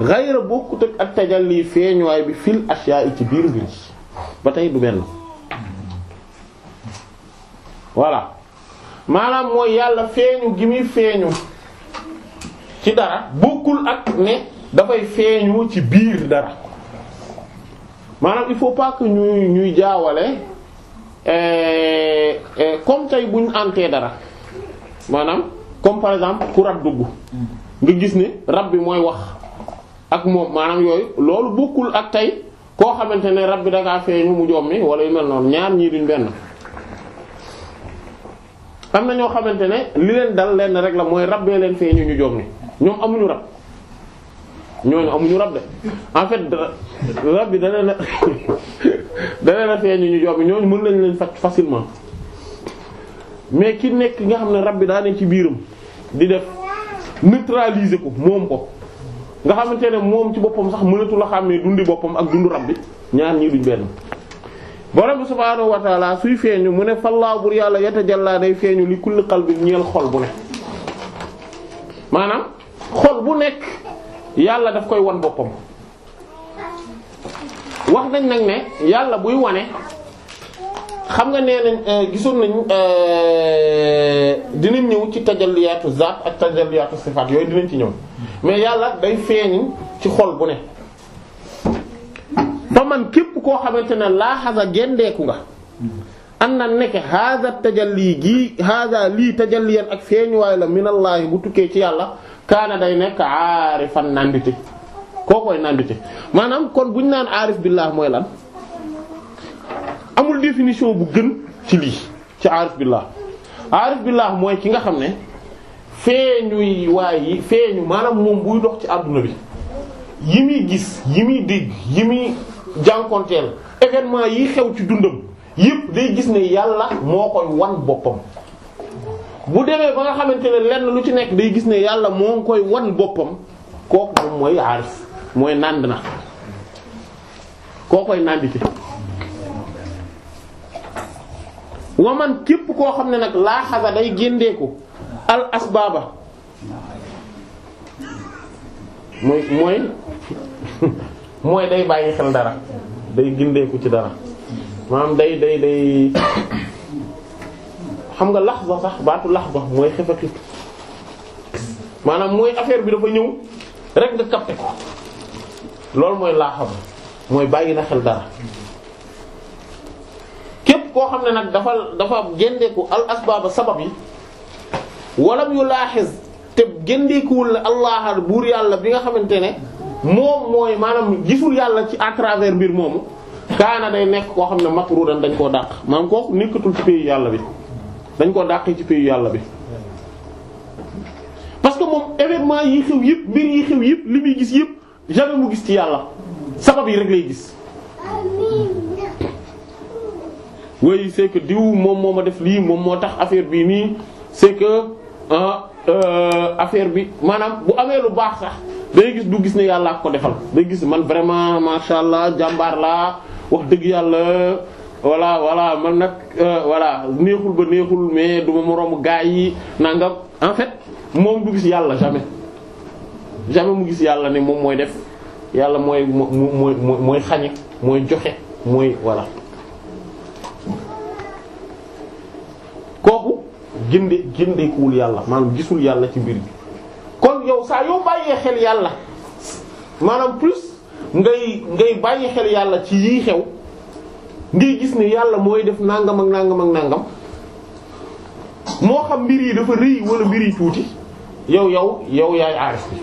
ghayra bokkut ak at tajalli feeñuwaay bi fil ashiya ci biir mbir yi ba tey du benn voilà. maanaam mooy yàlla feeñu gi muy feeñu ci dara bokkul ak ne dafay feeñu ci biir dara maanaam il faut pas ñuy ñuy jaawale eh, eh, comme tey bu ñu dara maanaam comme par exemple ku rab dugg nga gis ne rab bi mooy wax ak moom maanaam yooyu loolu bokkul ak tey koo xamante ne rab bi da ngaa feeñu mu jommi wala yu mel noonu ñaar ñii duñ benn. am na ñoo xamante ne li leen dal leen rek la mooy rab bee leen feeñu ñu joom ni ñoom amuñu rab ñooñu amuñu rab de en fait rab bi dana ne dana ne feeñu ñu joom ni ñooñu mën nañ leen faj facilement mais ki nekk nga xam ne rab bi daa ne ci biiram di def neutraliser ko moom ko nga xamante ne moom ci boppam sax mënatul la xàmmee dundi boppam ak dundu rab bi ñaar ñii duñ benn. borom bi subhaanahu wa taala suy feeñu mu ne fallaa bur yàlla yatajalla day feeñu li kulli qalbi ñeel xol bu ne maanaam xol bu nekk yàlla daf koy wan boppam wax nañ nag ne yàlla buy wane xam nga nee nañ eh, gisoon nañ eh, dinañ ñëw ci tajalliyaatu zaat ak tajalliyaatu sifaat yooyu dinañ ci ñëw mais yàlla day feeñu ci xol bu ne fa man képp koo xamante ne laaxasa gendeeku nga am na nekk haza tajalli gii haza lii tajalliyan ak feeñuwaay la minallaahi bu tukkee ci yàlla kaana day nekk aarifan nandite koo koy nandite maanaam kon bu buñ naan aarif billaah mooy lan amul définition bu gën ci lii ci aarif billaah aarif billaah mooy ki nga xam ne feeñuy waay yi feeñu maanaam moom buy dox ci àdduna bi yi muy gis yi muy dégg yi muy jànkonteel événement yi xew ci dundam yépp day gis ne yàlla moo koy wan boppam bu demee ba nga xamante ne lenn lu ci nekk day gis ne yàlla moo ngi koy wan boppam kooku moom mooy aarif mooy nànd na koo koy nàndite waman képp koo xam ne nag laaxasa day géndeeku al asbaaba mooy mooy mooy day bàyyi xel dara day gindeeku ci dara maanaam day day day xam nga lax laxza sax baatu laxza mooy xefexit maanaam mooy affaire bi dafa ñëw rek nga capté ko loolu mooy laaxam mooy bàyyi na xel dara képp koo xam ne nag dafa dafa géndeeku al asbaaba sabab yi walam yu laaxiz te géndeekuwul la allah buur yàlla bi nga xamante ne moom mooy maanaam gisul yàlla ci à mbir moomu kaana day nekk koo xam ne makruudan dañ koo dàq maanaam kooku nekkatul ci pays yàlla bi dañ koo dàqee ci pays yàlla bi. parce que moom événement yi xew yëpp mbir yi xew yëpp li muy gis yëpp jamais mu gis ci yàlla sabab yi rek lay gis. oui c'est diw moom moo ma def lii moom moo tax affaire bi nii c'est que ah, euh, affaire bi maanaam bu amee lu baax sax. day gis du gis ne yàlla ko defal day gis man vraiment macha allah jàmbaar laa wax dëgg yàlla voilà voilà man nag walla euh, neexul ba neexul mais du ma gaa yi nangam en fait moom du gis yàlla jamais jamais mu gis yàlla ne moom mooy def yàlla mooy mooy mooy mooy joxe mooy voilà. kooku ginde gindekuwul yàlla maanaam gisul yàlla ci mbir bi. kon yow saa yow bàyyee xel yàlla maanaam plus ngay ngay bàyyi xel yàlla ci yii xew ngay gis ni yàlla mooy def nangam ak nangam ak nangam moo xam mbir yi dafa rëy wala mbir yi tuuti yow yow yow yaay aarif bi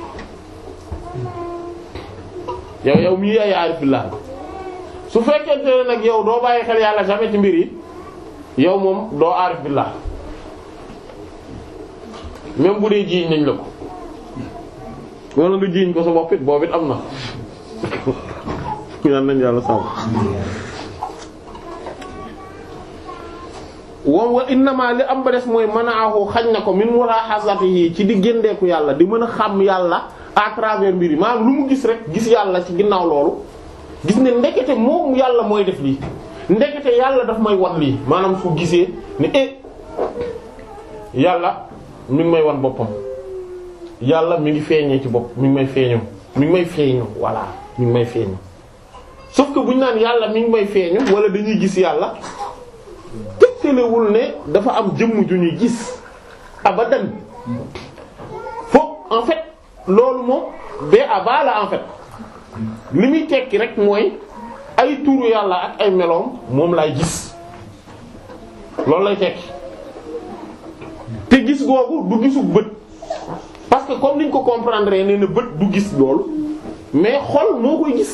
yow yow mii yaay aarif bi laa su fekkente ne nag yow doo bàyyi xel yàlla jamais ci mbir yi yow moom doo aarif billah même bu dee jiiñ nañ la ko wala nga jiiñ ko sa bopp it am na ñaan nañ yàlla sàmm wa wa innama li am ba des mooy manaahu xañ na ko min mulaahazatihi ci di yàlla di mën a xam yàlla à travers mbir yi maanaam lu mu gis rek gis yàlla ci ginnaaw loolu gis ne ndekete moom yàlla mooy def lii ndekete yàlla daf may wan lii maanaam fu gisee ne eh yàlla mi ngi may wan boppam yàlla mu ngi feeñee ci bopp mu ngi may feeñu mu ngi may feeñu voilà mi ngi may feeñu sauf naan yàlla mi ngi may feeñu wala dañuy gis yàlla tëgtalewul ne dafa am jëmm ju ñuy gis abadan fo en loolu moom ba aba la en li muy tekki rek mooy ay tuuru yàlla ak ay meloom moom laay gis loolu lay tekki te gis googu du gisu bët parce que comme ñu ko comprendre nee na bët du gis loolu mais xol moo koy gis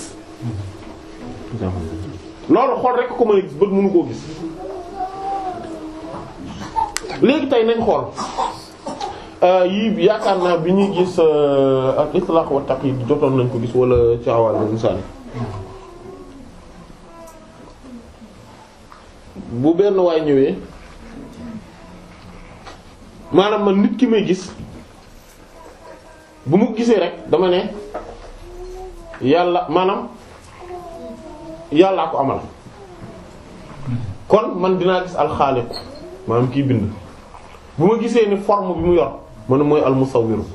loolu xol rek ko mën a gis bët mënu koo gis léegi tey nañ xool euh, yii yaakaar naa bi ñuy gis euh, ak itlaq wa taqyid jotoon nañ ko gis wala caawal bi misaani bu benn waay ñëwee maanaam man nit ki may gis bu mu gisee rek dama ne yàlla maanaam yàllaa ko amal kon man dinaa gis alxaaliqu maanaam kii bind bu ma gisee ni form bi mu yor ma ne mooy almusawiru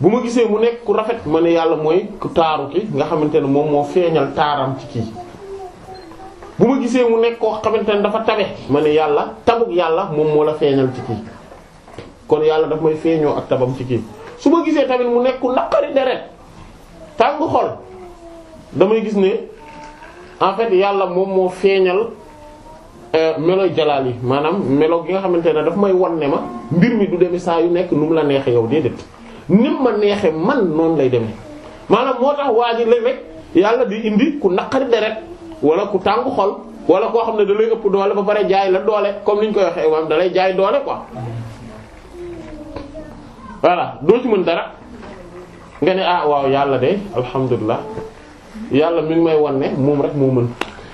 bu ma gisee mu nekk ku rafet ma ne yàlla mooy ku taaru ki nga xamante ne moom moo feeñal taaram ci kii bu ma gisee mu nekk koo xamante ne dafa tabe ma ne yàlla tabuk yàlla moom moo la feeñal ci kii kon yàlla dafa may feeñoo ak tabam ci kii su ma gisee tamit mu nekk naqari deret tàng xol damay gis ne en fait yàlla moom moo feeñal euh, melo jalaal yi maanaam melo gi nga xamante ne daf may wan ne ma mbir mi du demee saa yu nekk nu mu la neexee yow déedéet nim ma neexee man noonu lay demee maanaam moo tax waa ji léeg yàlla di indi ku naqari deret wala ku tàng xol wala koo xam ne da lay ëpp doole ba pare jaay la doole comme ni ñu koy waxee moom dalay lay jaay doole quoi. voilà doo ci mën dara nga ne ah waaw yàlla de alhamdulilah yàlla mi ngi may wan ne moom rek moo mën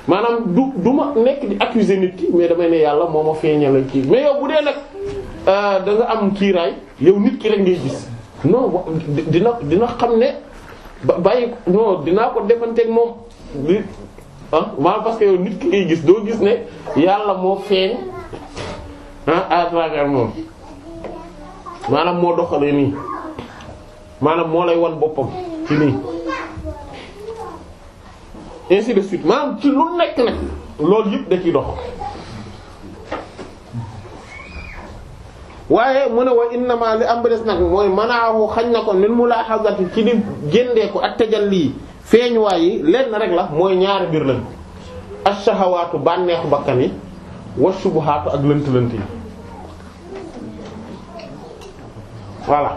maanaam du du ma nekk di accuser nit ki mais damay ne yàlla moo ma feeñalal kii mais yow bu dee nag euh, da am kiiraay yow nit ki rek ngay gis non dina dina xam ne ba bàyyi non dinaa ko defanteeg moom li maanaam ah, parce que nit ki ngay gis doo gis ne yàlla moo feeñ ah à moom. maanaam moo doxalee nii maanaam moo lay wan boppam ci nii ainsi de suite maanaam ci lu nekk nag loolu yëpp da ciy dox waaye mu ne wa innama li am ba des nag mooy manaahu xañ na ko min mulahazati ci di géndee ko ak lii feeñuwaay yi lenn rek la mooy ñaari mbir ak ashahawaatu bànneexu bakkan yi wa shubuhaatu ak lënt-lënt yi voilà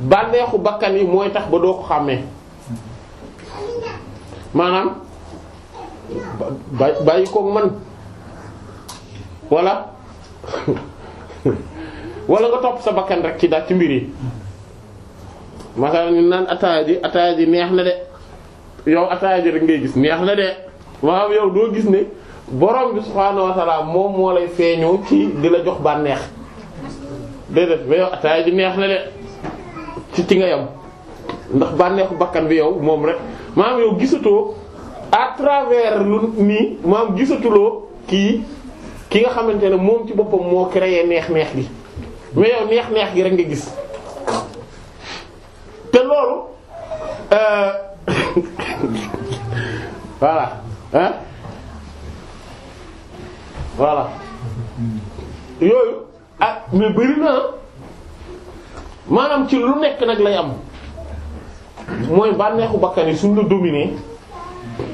bànneexu bakkan yi mooy tax ba doo ko xàmmee maanaam bàyyi koog man walla wala nga topp sa bakkan rek ci daal ci mbir yi masalan ñu naan ataaya ji neex na de yow ataaya ji rek ngay gis neex na de maanaam yow doo gis ne borom bi subhaanahu wa ta'ala moom moo lay feeñoo ci di la jox bànneex déedéet mais yow ataaya ji neex na de ci ci nga yam ndax bànneexu bakkan bi yow moom rek maam yow gisatoo à travers lu nii maam gisatuloo kii ki nga xamante ne moom ci boppam moo créé neex-neex gi mais yow neex-neex gi rek nga gis te loolu euh, voilà voilà yooyu a ah, mais bëri na maanaam ci lu nekk nag lay am mooy bànneexu bakkan yi suñ la dominer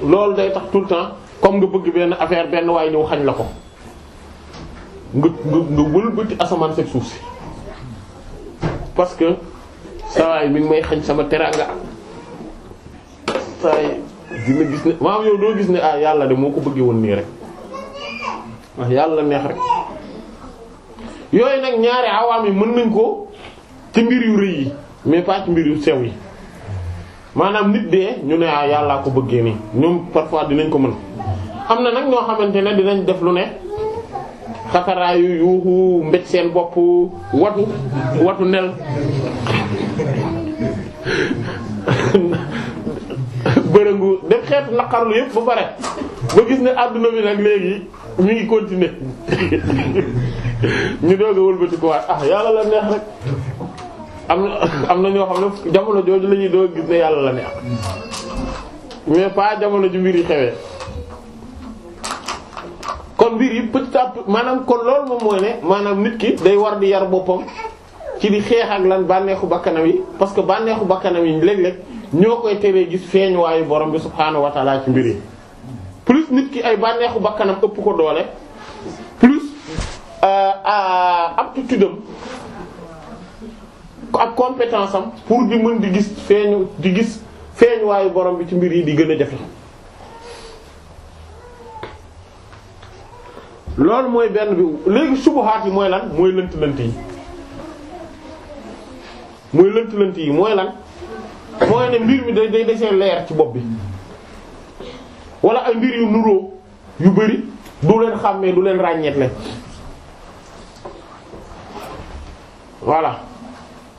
loolu day tax tout le temps comme nga bëgg benn affaire benn waaye ñëw xañ la ko nga nga nga wëlbati asamaan seeg suuf si parce que yi mi ngi may xañ sama teraanga sawaay dina gis ne maanaam yow doo gis ne ah yàlla de moo ko bëggee woon nii rek waa yàlla neex rek yooyu nag ñaari awaam yi mën nañ ko ci mbir yu rëy yi mais pas ci mbir yu sew yi maanaam nit dee ñu ne ah yàllaa ko bëggee nii ñoom parfois dinañ ko mën am na nag ñoo xamante ne dinañ def lu ne xataraayu yuuxu mbéj seen bopp watu watu nel bërëngu def xeetu naqarlu yëpp ba pare ba gis ne àdduna bi nag léegi ñu ngi continuer ñu doog a wëlbati ko waat ah yàlla la neex rek am na na ñoo xam ne jamono jooju la ñuy doog a gis ne yàlla la neex mais pas jamono ji mbir yi xewee kon mbir yi petit à maanaam kon loolu moom mooy ne maanaam nit ki day war di yar boppam ci di xeex ak lan bànneexu bakkanam yi parce que bànneexu bakkanam yi léeg-léeg ñoo koy teree gis waayu borom bi subhaanahu wa ta'ala ci mbir yi. nit ki ay bànneexu bakkanam ëpp ko doole plus euh, ab am ak compétence am pour di mën di gis feeñu di gis feeñuwaayu borom bi ci mbir yi di gën a jafe loolu mooy benn bi léegi subuhaat yi mooy lan mooy lënt-lënt mooy lënt-lënt yi mooy lan mooy ne mbir mi day day desee leer ci bopp bi wala ay mbir yu nuroo yu bari du leen xàmmee du leen ràññeet le voilà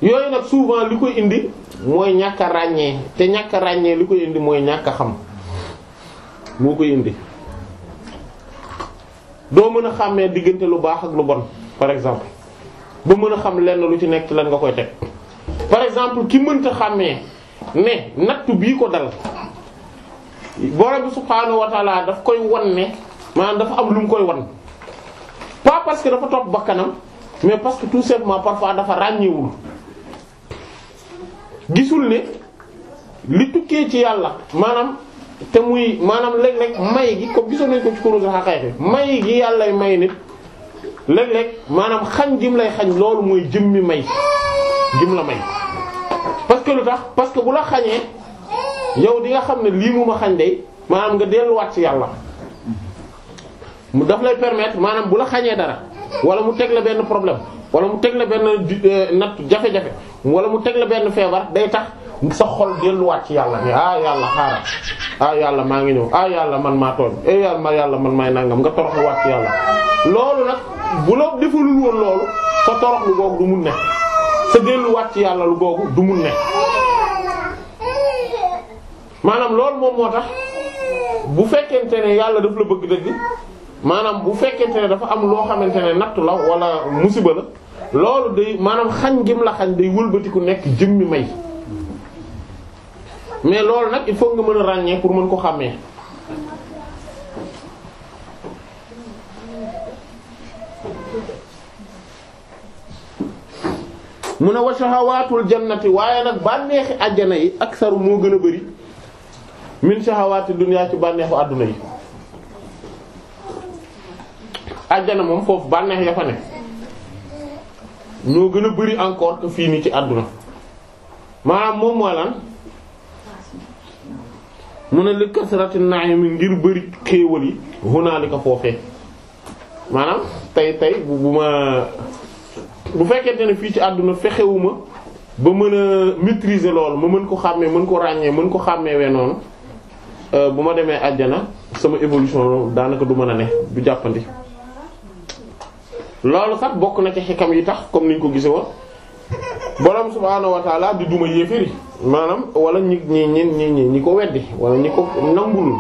yooyu nag souvent li koy indi mooy ñàkk a ràññee te ñàkk a ràññee li ko indi mooy ñàkk xam moo koy indi doo mën a xàmmee diggante lu baax ak lu bon par exemple ba mën a xam lenn lu ci nekk lan nga koy teg par exemple ki mënta xàmmee ne nattu bii ko dal borom bi subhaanahu wa taala daf koy wan ne maanaam dafa am lu mu koy wan pas parce que dafa topp bakkanam mais parce que tout simplement parfois dafa ràññewul gisul ne li tukkee ci yàlla maanaam te muy maanaam léeg-léeg may gi comme gisoon nañ ko ci kuréel xaqay fi may gi yàllay may nit léeg-léeg maanaam xañ gim lay xañ loolu mooy jëmmi may gim la may parce lu tax parce bu la xañee. yow di nga xam ne lii mu ma xañ day maanaam nga delluwaat ci yàlla mu daf lay permettre maanaam bu la xañee dara wala mu teg la benn problème wala mu teg la benn euh, natt jafe-jafe wala mu teg la benn feebar day tax sa xol delluwaat ci yàlla ni aa ah, yàlla xaaral ah yàlla maa ngi ñëw ah yàlla man maa tooñ eh yàlla yàlla man maay nangam nga toroxluwaat ci yàlla loolu nag bu la defalul loolu sa toroxlu googu du mun ne sa delluwaat ci yàlla lu googu du mun ne maanaam loolu moom moo tax bu fekkente ne yàlla daf la bëgg dëgg maanaam bu fekkente ne dafa am loo xamante ne nattu la wala musiba la loolu day maanaam xañ gim la xañ day wëlbatiku nekk jëmmi may mais loolu nag il faut nga mën a ràññee pour mën ko xàmmee mun a wa shahawaatul jannati waaye nag bànneexi àjjana yi ak saru moo gën a bari min shahawati dunya ci bànneexu àdduna yi àjjana moom foofu bànneex ya fa ne ñoo gën a bëri encore que fii nii ci àdduna maanaam moom moo lan mu ne li kasrati na'im ngir bari xéewal yi hunaalika foofee maanaam tey tey bu bu ma bu fekkente ne fii ci àdduna fexewuma ba mën a maîtriser loolu ma mën ko xàmmee mën ko ràññee mën ko xàmmee we noonu Euh, bu ma demee àjjana sama évolution daanaka du mën a ne du jàppandi loolu sax bokk na ci xikam yi tax comme niñ ko gise woon borom subhaanahu wa taala di duma yéeféri maanaam wala ñi ñi ñi ñi ñi ko weddi wala ñi ko nangul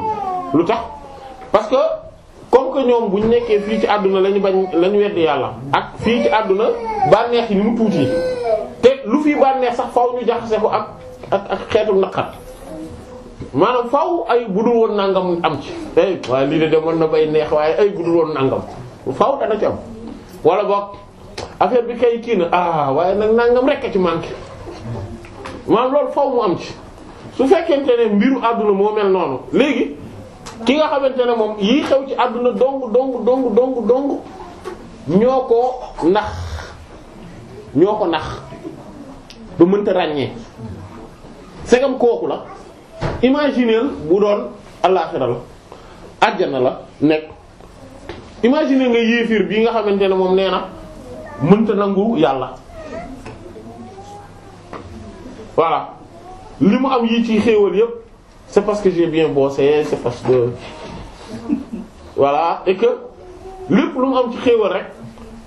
lu tax parce que comme que ñoom bu ñu nekkee fii ci àdduna lañu bañ lañu weddi yàlla ak fii ci àdduna bànneex yi ni mu tuuti te lu fii bànneex sax faaw ñu jaxase ko ak ak ak xeetu naqar maanaam faw ay budul woon nangam am ci eh, waaye lii de demoon na bay neex waaye ay budul woon nangam faw dana ci am walla boog affaire bi kay kii na ah, waaye nag nangam rek a ci manqué maanaam loolu faw mu am ci su fekkente ne mbiru àdduna moo mel noonu léegi ki nga xamante ne moom yii xew ci àdduna dong dong dong dong dong ñoo ko nax ñoo ko nax ba mënta ràññee segam kooku la imagineel bu doon allaaxira la àjjana la nekk imagine nga yéefir bii nga xamante ne moom nee na mënta nangu yàlla waa li mu am yi ci xéewal yépp c'est parce que j'ai bien bossé c'est parce que voilà et que lépp lu mu am ci xéewal rek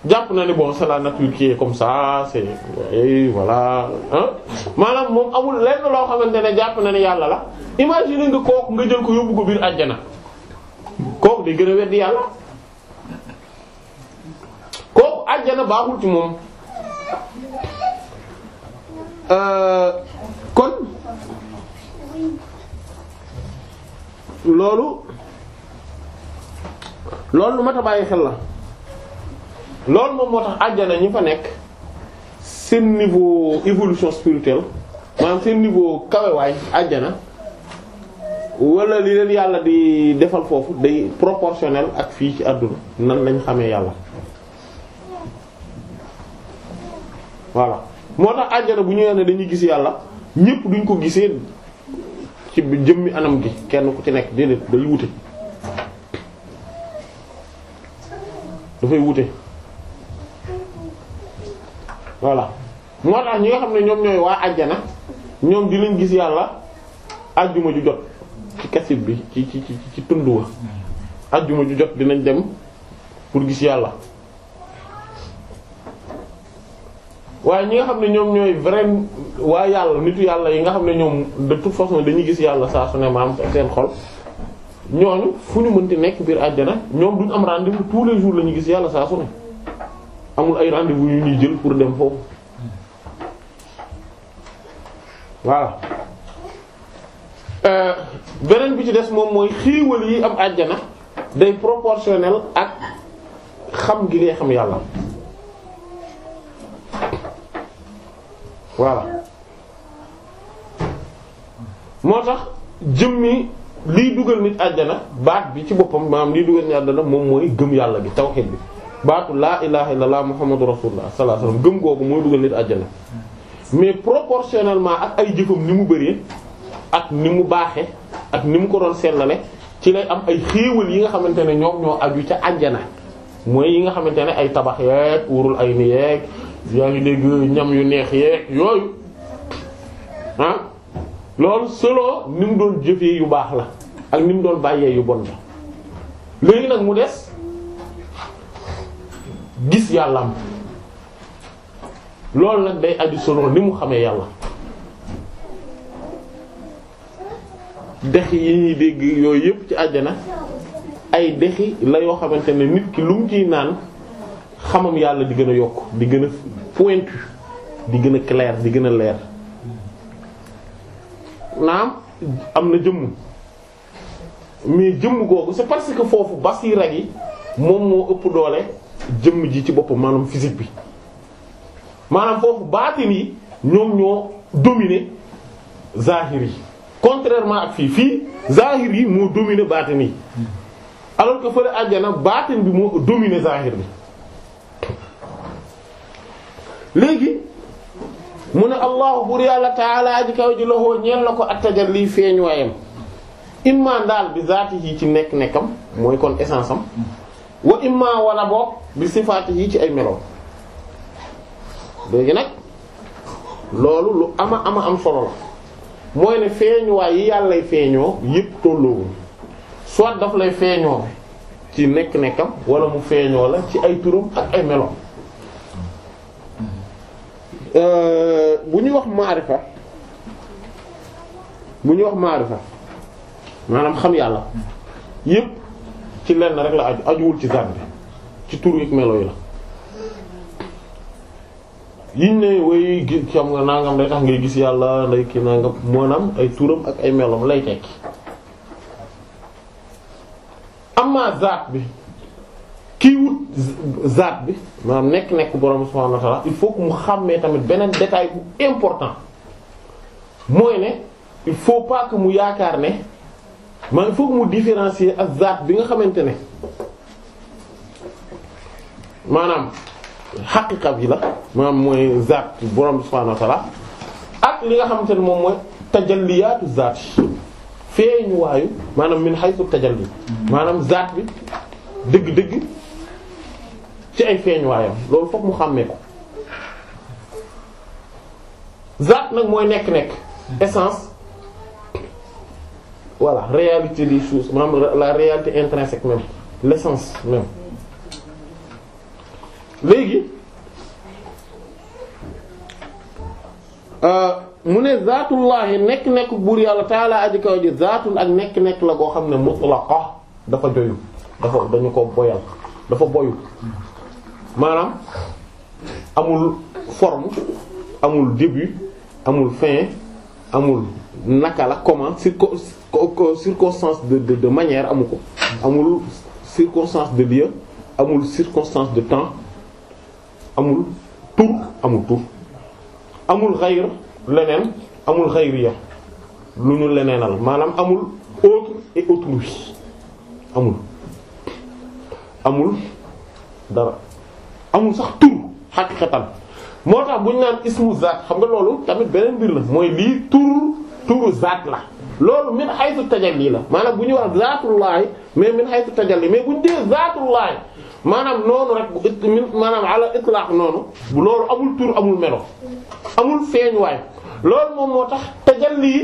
jàpp na ni bon c'est la nature qui est comme ça c'est voilà ah maanaam moom amul lenn loo xamante ne jàpp na ni yàlla la imagine nga kooku nga jël ko yóbbu ko biir àjjana kooku day gën a weddi yàlla kooku àjjana baaxul ci moom euh, kon loolu loolu lu ma a bàyyi xel la loolu moom moo tax àjjana ñi fa nekk seen niveau évolution spirituelle maanaam seen niveau kawewaay àjjana wala li leen yàlla di defal foofu day proportionnel ak fii ci àdduna nan lañ xamee yàlla waaw moo tax àjjana bu ñu ne dañuy gis yàlla ñépp duñ ko gisee ci jëmmi anam gi kenn ku ci nekk déedéet day wute dafay wute voilà moo tax ñi nga xam ne ñoom ñooy waa àjjana ñoom dinañ gis yàlla àjjuma ju jot ci kasib bi ci ci ci ci tund wa àjjuma ju jot dinañ dem pour gis yàlla waaye ñi nga xam ne ñoom ñooy vrai waa yàlla nitu yàlla yi nga xam ne ñoom de toute façon dañuy gis yàlla saa su ne maam seen xol ñooñu fu ñu mënti nekk biir àjjana ñoom duñ am rendez-vous tous les jours la ñuy gis yàlla saa su ne amul ay rendez yu ñuy jël pour dem foofu voilà euh, beneen bi ci des moom mooy xiiwal yi am àjjana day proportionnel ak xam gi ngay xam yàlla waaw moo tax jëmmi liy dugal nit àjjana baat bi ci boppam maanaam lii dugal nit àjjana moom mooy gëm yàlla bi tawhid bi baatu laa ilaha illallah muhammadu rasulullah sallallahu alayhi wasallam gëm googu mooy dugal nit àjjana mais proportionnellement ak ay jëfam ni mu bëree ak ni mu baaxe ak ni mu ko doon sellale ci lay am ay xéewal yi nga xamante ne ñoom ñoo aju ca àjjana mooy yi nga xamante ne ay tabax yeeg wurul ay ni yeeg yaa ngi dégg ñam yu neex yeeg yooyu ah loolu solo ni mu doon jëfee yu baax la ak ni mu doon bàyyee yu bon la léegi nag mu des gis yàlla am loolu nag day aju solo ni mu xamee yàlla dex yi ñuy dégg yooyu yépp ci àjjana ay dexi la yoo xamante ne nit ki lu mu ciy naan xamam yàlla di gën a yokk di gën a pointu di gën a clair di gën a leer naam am na jëmm mais jëmm googu c'est parce que foofu basira yi moom moo ëpp doole jëmm ji ci boppam maanaam physique bi maanaam foofu baatin yi ñoom ñoo dominer zahir yi contrairement ak fii fii zahir yi moo dominer baatin yi alors que fële àjjana baatin bi moo dominer zahir bi léegi mu ne allahu bur yàlla taala aji kaw ji loxoo ñeen la ko attajar liy feeñ waayam imma bi zaati yi ci nekk nekkam mooy kon essence am wa imma walla boog bi sifaati yi ci ay meloom léegi nag loolu lu ama ama am solo la mooy ne feeñuwaay yi yàlla feeñoo yépp tolloowuñ soit daf lay feeñoo ci nekk-nekkam wala mu feeñoo la ci ay turam ak ay meloom euh, bu ñuy wax maarifa bu ñuy wax maarifa maanaam xam yàlla yépp ci lenn rek la aju ajuwul ci zan bi ci tur melo yi la yiñ ne way xam nga nangam day tax ngay gis yàlla nday ki nangam maanaam ay turam ak ay meloom lay tekki amma zaat bi kii wut zaat bi maanaam nekk nekk borom subhanahu wa ta'ala il faut que mu xàmmee tamit beneen détail bu important mooy ne il faut pas mu yaakaar ne man foog mu différencier ak zaat bi nga xamante ne maanaam xaqiqa bi la maanaam mooy zaat borom subhaanahu wa ta'aala ak li nga xamante ne moom mooy tajalliyaatu zaat yi feeñ waayu maanaam min haythu tajalli maanaam zaat bi dëgg-dëgg ci ay feeñ waayam loolu foog mu xàmmee ko zaat nag mooy nekk-nekk essence voilà réalité des choses maanaam la réalité intrinsèque même l'essence même léegi euh, mu ne zaatullahi nekk nekk buur yàlla taalaa aji kaw ji zaatun ak nekk nekk la goo xam ne mutlaqa dafa joyu dafa dañu ko boyal dafa boyu maanaam amul forme amul début amul fin amul naka la comment circo circonstance de de de manière amu ko amul circonstance de lieu amul circonstance de temps amul tur amul tur amul xayr leneen amul xayriya lu ñu leneenal maanaam amul autre et autrui amul amul dara amul sax tur xaqiqatan moo tax bu ñu naan ismu zaat xam nga loolu tamit beneen mbir la mooy lii tur. turu zaat la loolu min haythu tajalli la maanaam bu ñëwaat wax zaatullahi mais min haythu tajalli mais bu ñu dee zaatullahi maanaam noonu rek min maanaam ala itlaq noonu loolu amul tur amul melo amul feeñuwaay loolu moom moo tax tajalli yi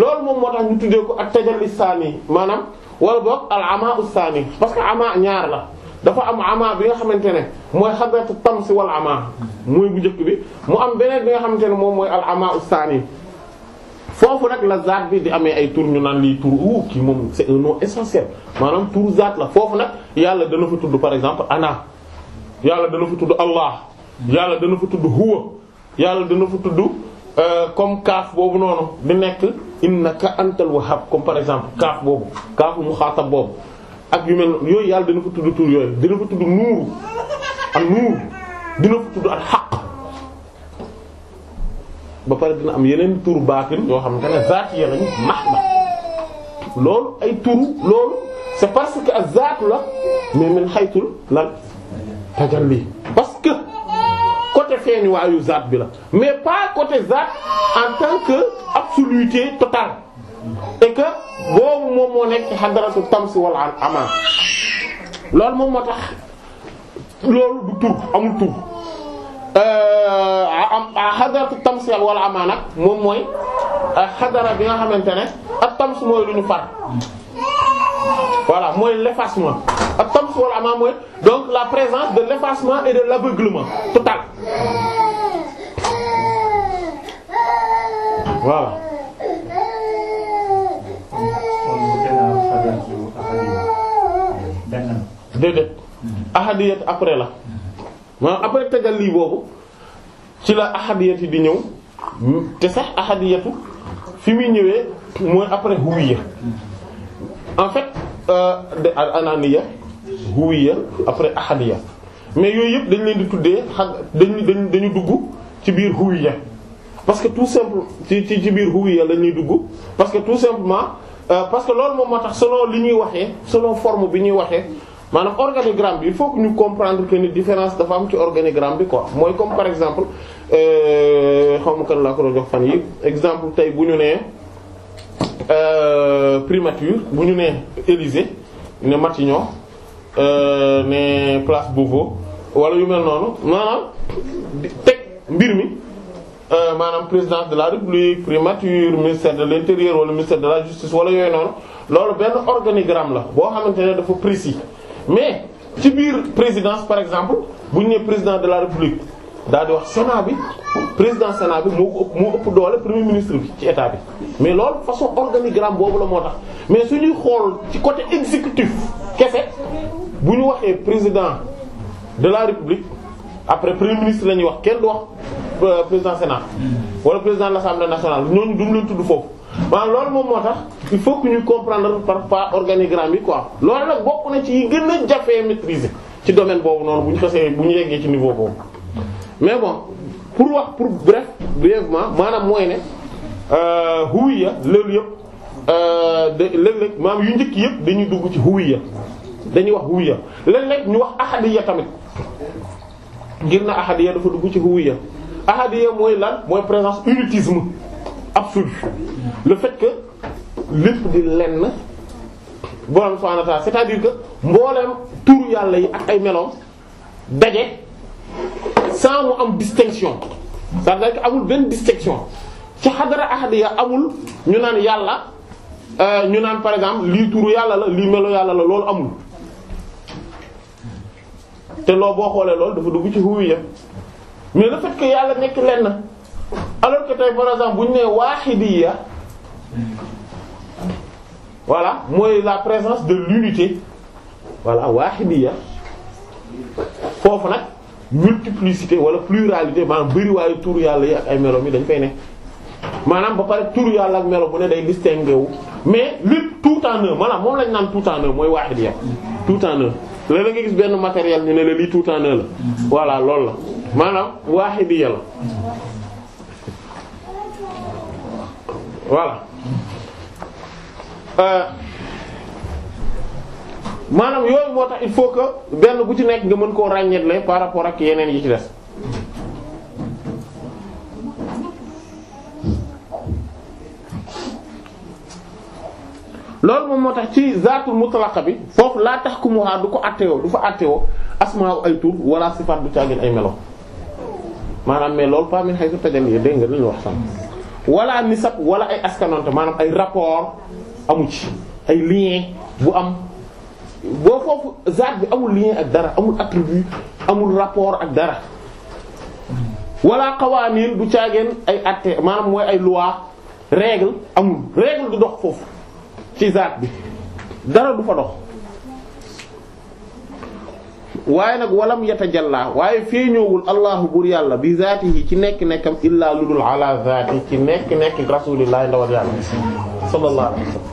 loolu moom moo tax ñu tuddee ko ak tajalli saani maanaam wala boog al ama saani parce que ama ñaar la dafa am ama bi nga xamante ne mooy xadratu tams wal ama mooy bu njëkk bi mu am beneen bi nga xamante ne moom mooy al ama saani foofu nag la zaat bi di amee ay tur ñu naan lii tur u kii moom c'est un essentiel maanaam tur zaat la foofu nag yàlla dana fa tudd par exemple ana yàlla dana fa tudd allah yàlla dana fa tudd huwa yàlla dana fa tudd euh, comme kaaf boobu noonu di nekk innaka antal wahhab comme par exemple kaaf boobu kaafu mu xaatab boobu ak yu mel yooyu yàlla dana fa tudd tur yooyu dana fa tudd nuuru ak nuur dina fa tudd al xaq ba pare dina am yeneen tur baatin yoo xam ne zaat ya lañu ma loolu ay tur loolu c'est parce que ak zaatu la mais min xaytul lan tajalli parce que côté feeñ waayu zaat bi la mais pas côté zaat en tant que absoluité totale et que boobu moom moo nekk xadaratu tams wal amaan loolu moom moo tax loolu du tur amul tur Euh, ah, xadaratu tams wala amaana moom mooy euh, xadara bi nga xamante ne ak tams mooy lu ñu far voilà mooy l'effacement ak tams wala amaana mooy donc la présence de l'effacement et de l'aveuglement total voilà. déedéet ahadiyat après la. maanaam après tajalli boobu ci la ahadiyati di ñëw te sax ahadiyatu fi muy ñëwee mooy après huwiya en fait euh, de ananiya huwiya après ahadiya mais yooyu yëpp dañ leen di tuddee xa dañu dañ dañu dugg ci biir huwiya parce que tout simple ci ci ci biir huwiya la ñuy dugg parce que tout simplement euh, parce que loolu moom moo tax solo li ñuy waxee solo forme bi ñuy waxee maanaam organigramme bi il faut que ñu comprendre que ni différence dafa am ci organigramme bi quoi mooy comme par exemple euh, xaw ma kan laa ko doon jox fan yi exemple tey bu ñu nee euh, primature bu ñu nee Élysée ne Matignon euh, ne place Beauvau wala yu mel noonu maanaam teg mbir mi maanaam présidence de la République primature ministère de l'intérieur wala ministère de la justice wala yooyu noonu loolu benn organigramme la boo xamante ne dafa précis. mais ci biir présidence par exemple bu ñu nee président de la république daal di wax Sénat bi président Sénat bi moo ko ëpp moo ëpp doole premier ministre bi ci état bi. mais loolu façon organigramme boobu la moo tax mais su ñuy xool ci côté exécutif kese bu ñu waxee président de la république après premier ministre la ñuy wax kenn du wax euh, président Sénat wala président de l'Assemblée nationale ñooñu du mu leen tudd foofu. waaw loolu moom moo tax il faut que ñu comprendre par pas organigramme yi quoi loolu nag bokk na ci yi gën a jafe maîtriser ci domaine boobu noonu bu ñu xasee bu ñu yeggee ci niveau boobu mais bon pour wax pour bref brièvement maanaam mooy ne euh, huwiya loolu yëpp euh, de léeg-léeg maanaam yu njëkk yëpp dañuy dugg ci huwiya dañuy wax huwiya léeg-léeg ñu wax ahadiya tamit ngir na ahadiya dafa dugg ci huwiya ahadiya mooy lan mooy présence unitisme absolu le fait que lépp di lenn borom subhanahu wa ta'ala c'est-à-dire que mbooleem turu yàlla yi ak ay melo daje sans mu am distinction c'est-à-dire que amul benn distinction ci xadara ahadiya amul ñu naan yàlla euh, ñu naan par exemple lii turu yàlla la lii melo yàlla la loolu amul te loo boo xoolee loolu dafa dugg ci huwiya mais le fait yàlla nekk lenn alors que tey par exemple bu ñu nee waaxidiya voilà mooy la présence de l'unité voilà waaxidiya foofu nag multiplicité wala pluralité maanaam bëriwaayu tur yàlla yi ak ay melo mi dañ fay ne maanaam ba pare tur yàlla ak melo bu ne day distingué wu mais lépp tout en un maanaam moom lañ naan tout en mooy waaxidiya tout en un léeg-léeg nga gis benn matériel ñu ne la lii tout en la voilà loolu la maanaam waaxidiya la voilà euh, maanaam yooyu moo tax il faut que benn bu ci nekk nga mën koo ràññeetle par rapport ak yeneen yi ci des loolu moom moo tax ci zaatul mutlaqa bi foofu laa tax tahkumuha du ko àttewoo du fa àttewoo asmaaw ay tur wala sifaat du caagin ay melo maanaam mais loolu pas min haythu tajalli dégg nga li wax sànq. wala nisab wala ay askanonte maanaam ay rapport amul ci ay lien bu am boo foofu zaat bi amul lien ak dara amul attribut amul rapport ak dara wala qawaaniin du caageen ay atte maanaam mooy ay loi règle amul règle du dox foofu ci zaat bi dara du fa dox waaye nag walam yatajalla waaye feeñoowul allahu buur yàlla bi zaatihi ci nekk nekkam illaa lu dul ala zaati ci nekk nekk rasulillahi ndawal yàlla sallallahu alayhi wasallam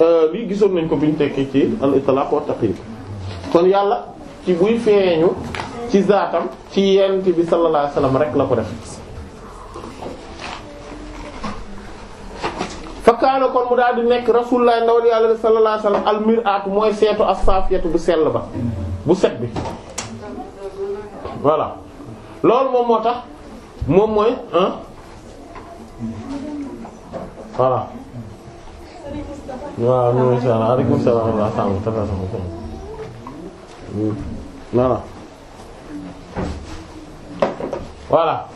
euh, lii gisoon nañ ko biñu tekki ci al itlaq kon yàlla ci buy feeñu ci zaatam ci yent bi sallallahu alayhi rek la ko def kaana kon mu daal di nekk rasulullah ndawal yàlla sallallahu alayhi wasallam al mir'at mooy seetu as bu sell ba bu set bi voilà loolu moom moo tax moom mooy ah waaw ñun incha allah aleykum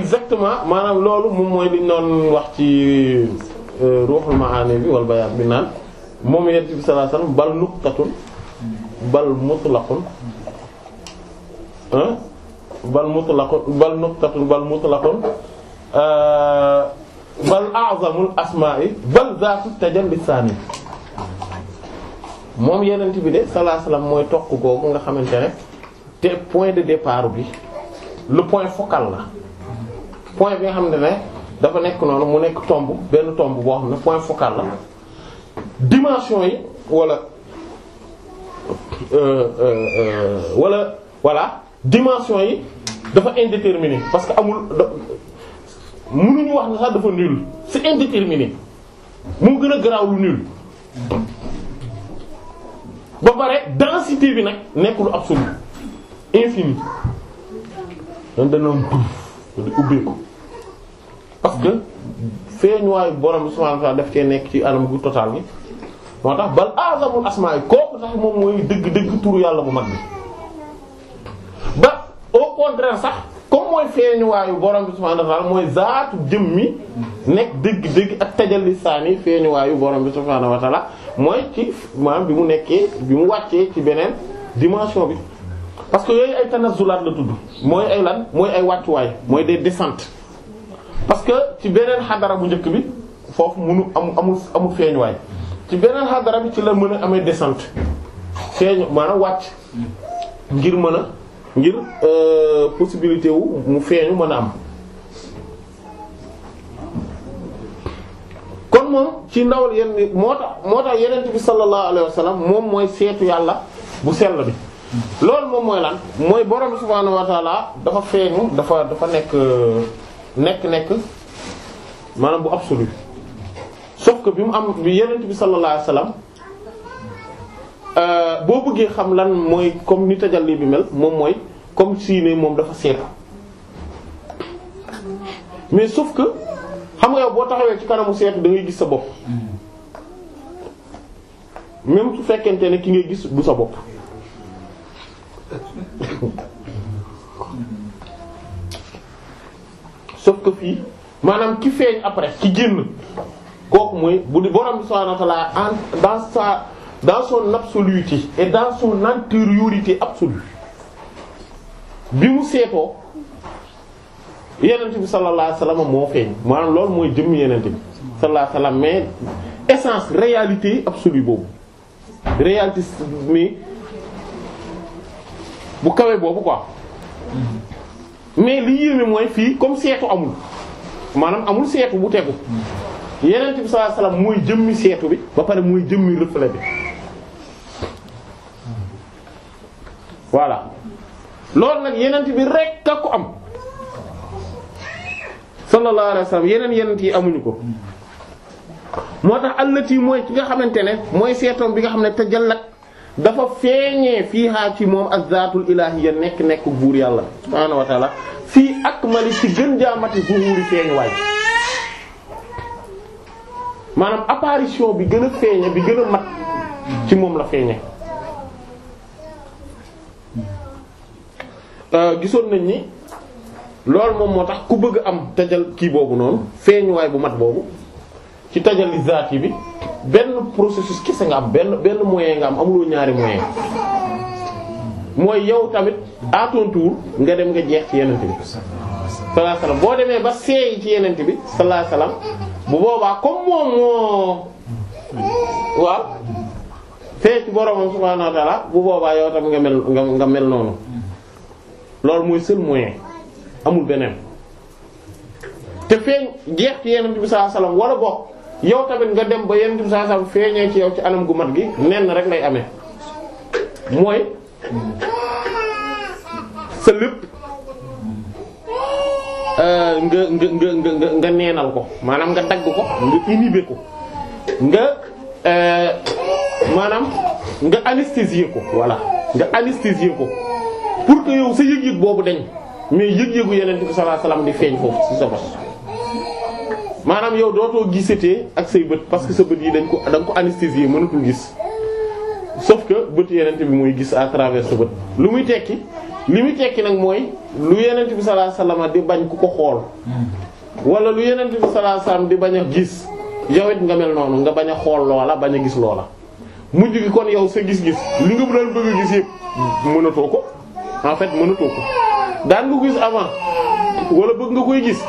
exactement maanaam loolu moom mooy li ñu doon wax ci euh, ruuxul maani bi wal bayaan bi naan moom yent bi sallallahu alayhi wasallam bal nuqtatun bal mutlaqun bal mutlaqun bal nuqtatun bal mutlaqun euh, bal a'zamul asmaa'i bal zaatu tajalli saani moom yenent bi de sallallahu mooy toq kooku nga xamante ne te point de départ bi le point focal la point bi nga xam ne ne dafa nekk noonu mu nekk tomb benn tomb boo xam ne point focal la dimension yi wala euh, euh, euh, walla voilà dimension yi dafa indéterminé parce que amul mënuñu wax ne sax dafa nul c'est indéterminé mu gën a garaaw lu nul ba pare densité bi nag nekk lu absolu infini. dañ danoon tuuf di ubbeeku parce que feeñuwaayu borom subhaanahu wa ta'aala daf cee nekk ci anam gu total gi moo tax bal azamul asmaa yi kooku sax moom mooy dëgg-dëgg turu yàlla bu mag bi ba au contraire sax comme mooy feeñuwaayu borom subhaanahu wa ta'aala mooy zaatu jëm mi nekk dëgg-dëgg ak tajalli saani feeñuwaayu borom bi subhaanahu wa mooy ci maanaam bi mu nekkee bi mu wàccee ci beneen dimension bi parce que yooyu ay tanazzulaat la tudd mooy ay lan mooy ay wàccuwaay parce que ci beneen xadara bu njëkk bi foofu munu am amul amul feeñuwaay ci beneen xadara bi ci la mën a amee descente feeñu maanaam wàcc ngir mën a ngir euh, possibilité wu mu feeñu mën a am kon moom ci ndawal yenn moo tax moo tax yenent bi sallallahu alayhi wa moom mooy seetu yàlla bu sell bi loolu moom mooy lan mooy borom subhaanahu wa dafa feeñu dafa dafa nekk nekk-nekk maanaam bu absolu sauf que bi mu am bi yenent bi sallallahu alayhi wasallam euh, boo bëggee xam lan mooy comme ni tajalli bi mel moom mooy comme si moom dafa seet mais sauf que xam nga boo taxawee ci kanamu seet da ngay gis sa bopp même su fekkente ne ki ngay gis du sa bopp sauf que fii maanaam ki feeñ après ki génn kooku mooy bu di borom subhanahu wa ta'ala en dans sa dans son absoluité et bi mu seetoo yenent bi sallallahu alayhi wasallam moo feeñ maanaam loolu mooy jëmm yenent bi sallallahu alayhi wasallam mais essence réalité absolue boobu réalité mais bu kawe boobu quoi. mais li yéeme mooy fii comme seetu amul maanaam amul seetu bu tegu yeneen bi sallallahu alayhi mooy jëmmi seetu bi ba pare mooy jëmmi reflet bi voilà loolu nag yeneen bi rek a ko am sallallahu alayhi wasallam yeneen yeneen yi amuñu ko moo tax allati mooy ki nga xamante ne mooy seetoom bi nga xam ne te jallat dafa feeñee fii haa ci moom ak zaatul ilahiyya nekk nekk buur yàlla subhaanahu wa fii ak mali ci gën jaamati zuhuri feeñ waay maanaam apparition bi gën a feeñe bi gën a mat ci moom la feeñe euh, gisoon nañ ni loolu moom moo tax ku bëgg am tëjal kii boobu noonu feeñuwaay bu mat boobu ci tajalli bi benn processus kese nga am benn benn moyen nga am amuloo ñaari moyen mooy yow tamit à ton nga dem nga jeex ci yenent bi sallallahu alayhi wasallam boo demee ba seey ci bi sallallahu bu boobaa comme moom moo waaw fee ci boromam bu boobaa yow tamit nga mel nga mel noonu loolu mooy seul moyen amul beneen te feeñ jeex ci yenent bi sallallahu alayhi war a bokk yow tamit nga dem ba yenn saa saa feeñee ci yow ci anam gu mat gi nenn rek lay ame mooy sa lépp euh, nga nga neenal ko maanaam nga dagg ko nga inhiber ko nga euh, maanaam nga anesthésier ko voilà nga anesthésier ko pour que yow sa yëg-yëg boobu dañ mais yëg-yëgu yeneen bi sallallahu alayhi wasallam di feeñ foofu ci sa bopp maanaam yow dootoo gisatee ak say bët parce que sa bët yi dañ ko da nga ko anesthésier mënatul gis sauf que bët yenent bi muy gis à travers sa bët lu muy tekki li muy tekki nag mooy lu yenent bi sallallahu alayhi wasallam di bañ ku ko xool wala lu yenent bi sallallahu di bañ a gis yow nga mel noonu nga bañ a xool loola bañ a gis loola mujj gi kon yow sa gis-gis li nga bu daan bëgg a gis yëpp mënatoo ko en fait mënatoo ko daan nga gis avant wala bëgg nga koy gis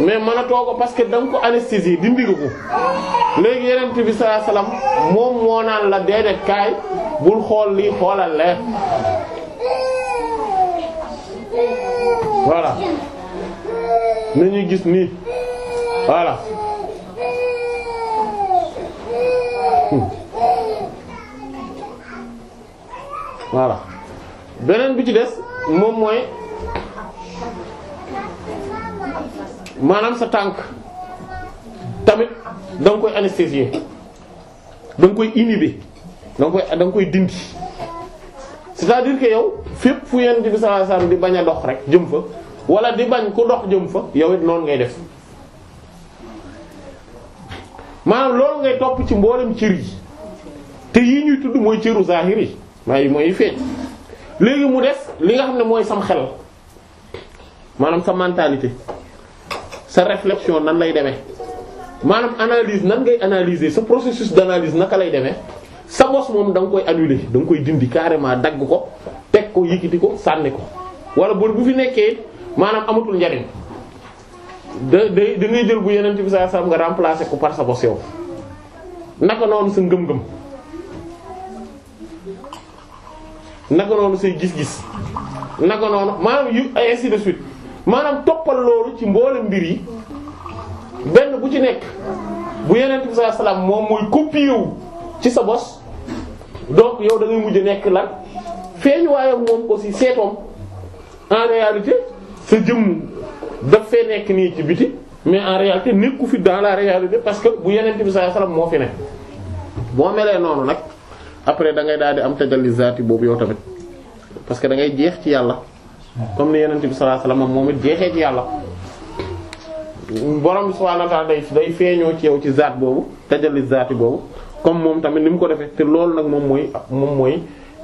mais mënatoo ko parce que da ko anesthésie dindi nga ko léegi yeneen bi sallallahu moom moo naan la déedéet kaay bul xool lii xoolal leer voilà nañuy gis nii voilà voilà beneen bi ci des moom mooy. maanaam sa tànk tamit da koy anesthésier da koy inhiber da nga koy da nga koy dindi c'est-à-dire que yow fépp fu yéen di bisala sam di bañ a dox rek jëm fa wala di bañ ku dox jëm fa yow noonu ngay def maanaam loolu ngay topp ci mboolem cër yi te yii ñuy tudd mooy cëru zahir yi maay mooy feeñ léegi mu des li nga xam ne mooy sam xel maanaam sa mentalité sa réflexion nan lay demee maanaam analyse nan ngay analyser sa processus d'analyse naka lay demee sa bos moom da nga koy annuler da nga koy dindi carrément dagg ko teg ko yëkkati ko sànni ko wala bu bu fi nekkee maanaam amatul njariñ da da da jël bu yeneen bi saa sam nga remplacer ko par sa bos yow naka noonu sa ngëm-ngëm naka noonu say gis-gis naka noonu maanaam yu ainsi de suite maanaam toppal loolu ci mboole mbir yi benn bu ci nekk bu yeneen bi sallallahu alayhi moom mooy copier wu ci sa bos donc yow da ngay mujj nekk lan feeñuwaayam moom aussi seetoom en réalité sa jëm daf fee nekk nii ci biti mais en réalité nekku fi dans la réalité parce que bu yeneen bi sallallahu alayhi wasallam moo fi ne boo melee noonu nag après da ngay daal di am tajalli boobu yow tamit parce que da ngay jeex ci yàlla. comme ni Yonent bi sallallahu alayhi wasallam moom it jeexee ci yàlla borom subhaanahu wa ta'aala day day feeñoo ci yow ci zaat boobu tajalli zaati boobu comme moom tamit ni mu ko defee te loolu nag moom mooy moom mooy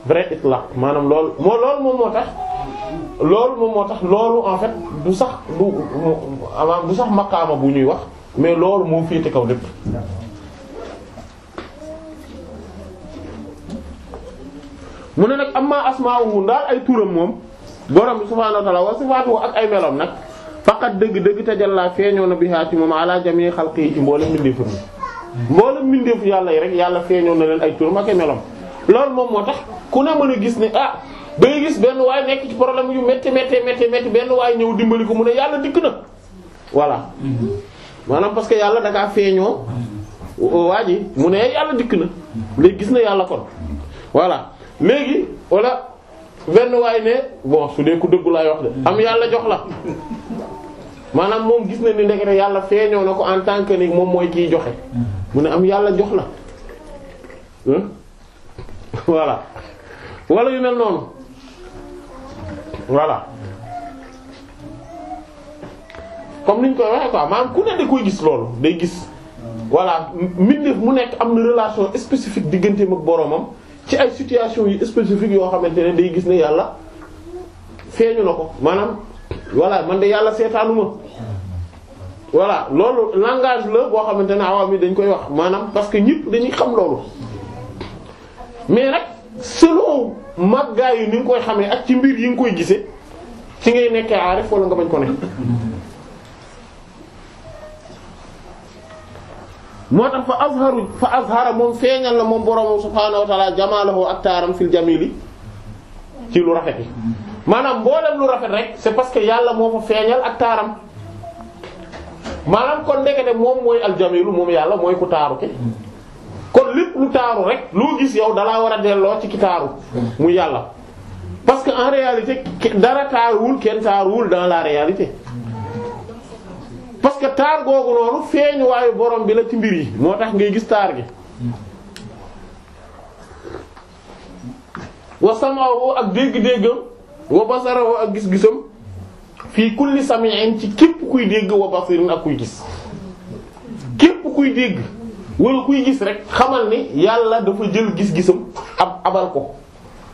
vrai itlaq maanaam loolu moo moom moo tax loolu moom moo tax loolu en fait du sax du du sax maqaama bu ñuy wax mais loolu moo te kaw lépp. mu ne nag amma asmaa'uhu daal ay turam moom. borom bi subhaanahu wa ta'ala wa sifaatu ak ay meloom nag faqat dëgg-dëgg tajalla feeñoo na bihaa ci moom ala jami xalqi ci mboolem mbindeef mboolem mbindeef yàlla yi rek yàlla feeñoo na leen ay turam ak ay meloom loolu moom moo tax ku ne mën a gis ne ah bay gis benn waay nekk ci problème yu métti métti métti métti benn waay ñëw dimbali ko mu ne yàlla dikk na voilà maanaam parce que yàlla da kaa feeñoo waa ji mu ne yàlla dikk na léegi gis na yàlla kon wenn waay ne bon su dee ku dëggu laay wax de am yàlla jox la maanaam moom gis na ni ndekete yàlla feeñoo na ko en tant que ni moom mooy kiy joxe mu ne am yàlla jox la voilà wala yu mel noonu voilà comme niñ koy waxee quoi maanaam ku ne da koy gis loolu day gis voilà mbindeef mu nekk am na relation spécifique digganteem ak boroomam ci ay situation yi spécifique yoo xamante ne day gis ne yàlla feeñu na ko maanaam voilà man de yàlla seetaanu ma voilà loolu langage la boo xamante ne awaam yi dañ koy wax maanaam parce que ñëpp dañuy xam loolu mais nag selon màggaayu ni nga koy xamee ak ci mbir yi nga koy gisee ci ngay nekkee aarif wala nga bañ ko ne moo tax fa azharu fa azhara moom feeñal na moom borom subhaanahu wa ta'ala jamaalahu ak taaram fil jamili ci lu rafet yi maanaam mboolem lu rafet rek c'est parce que yàlla moo fa feeñal ak taaram maanaam kon de moom mooy aljamilu moom yàlla mooy ku taaru ke kon lépp lu taaru rek loo gis yow dalaa war a delloo ci ki taaru muy yàlla parce que en réalité dara taaruwul kenn taaruwul dans la réalité parce que taar googu noonu feeñu waayu borom bi la ci mbir yi moo tax ngay gis taar gi wa samaahu ak dégg-déggam wa ak gis-gisam fii kulli sami'in ci képp kuy dégg wa kuy gis képp kuy dégg kuy gis rek xamal ni yàlla dafa jël gis-gisam ab abal ko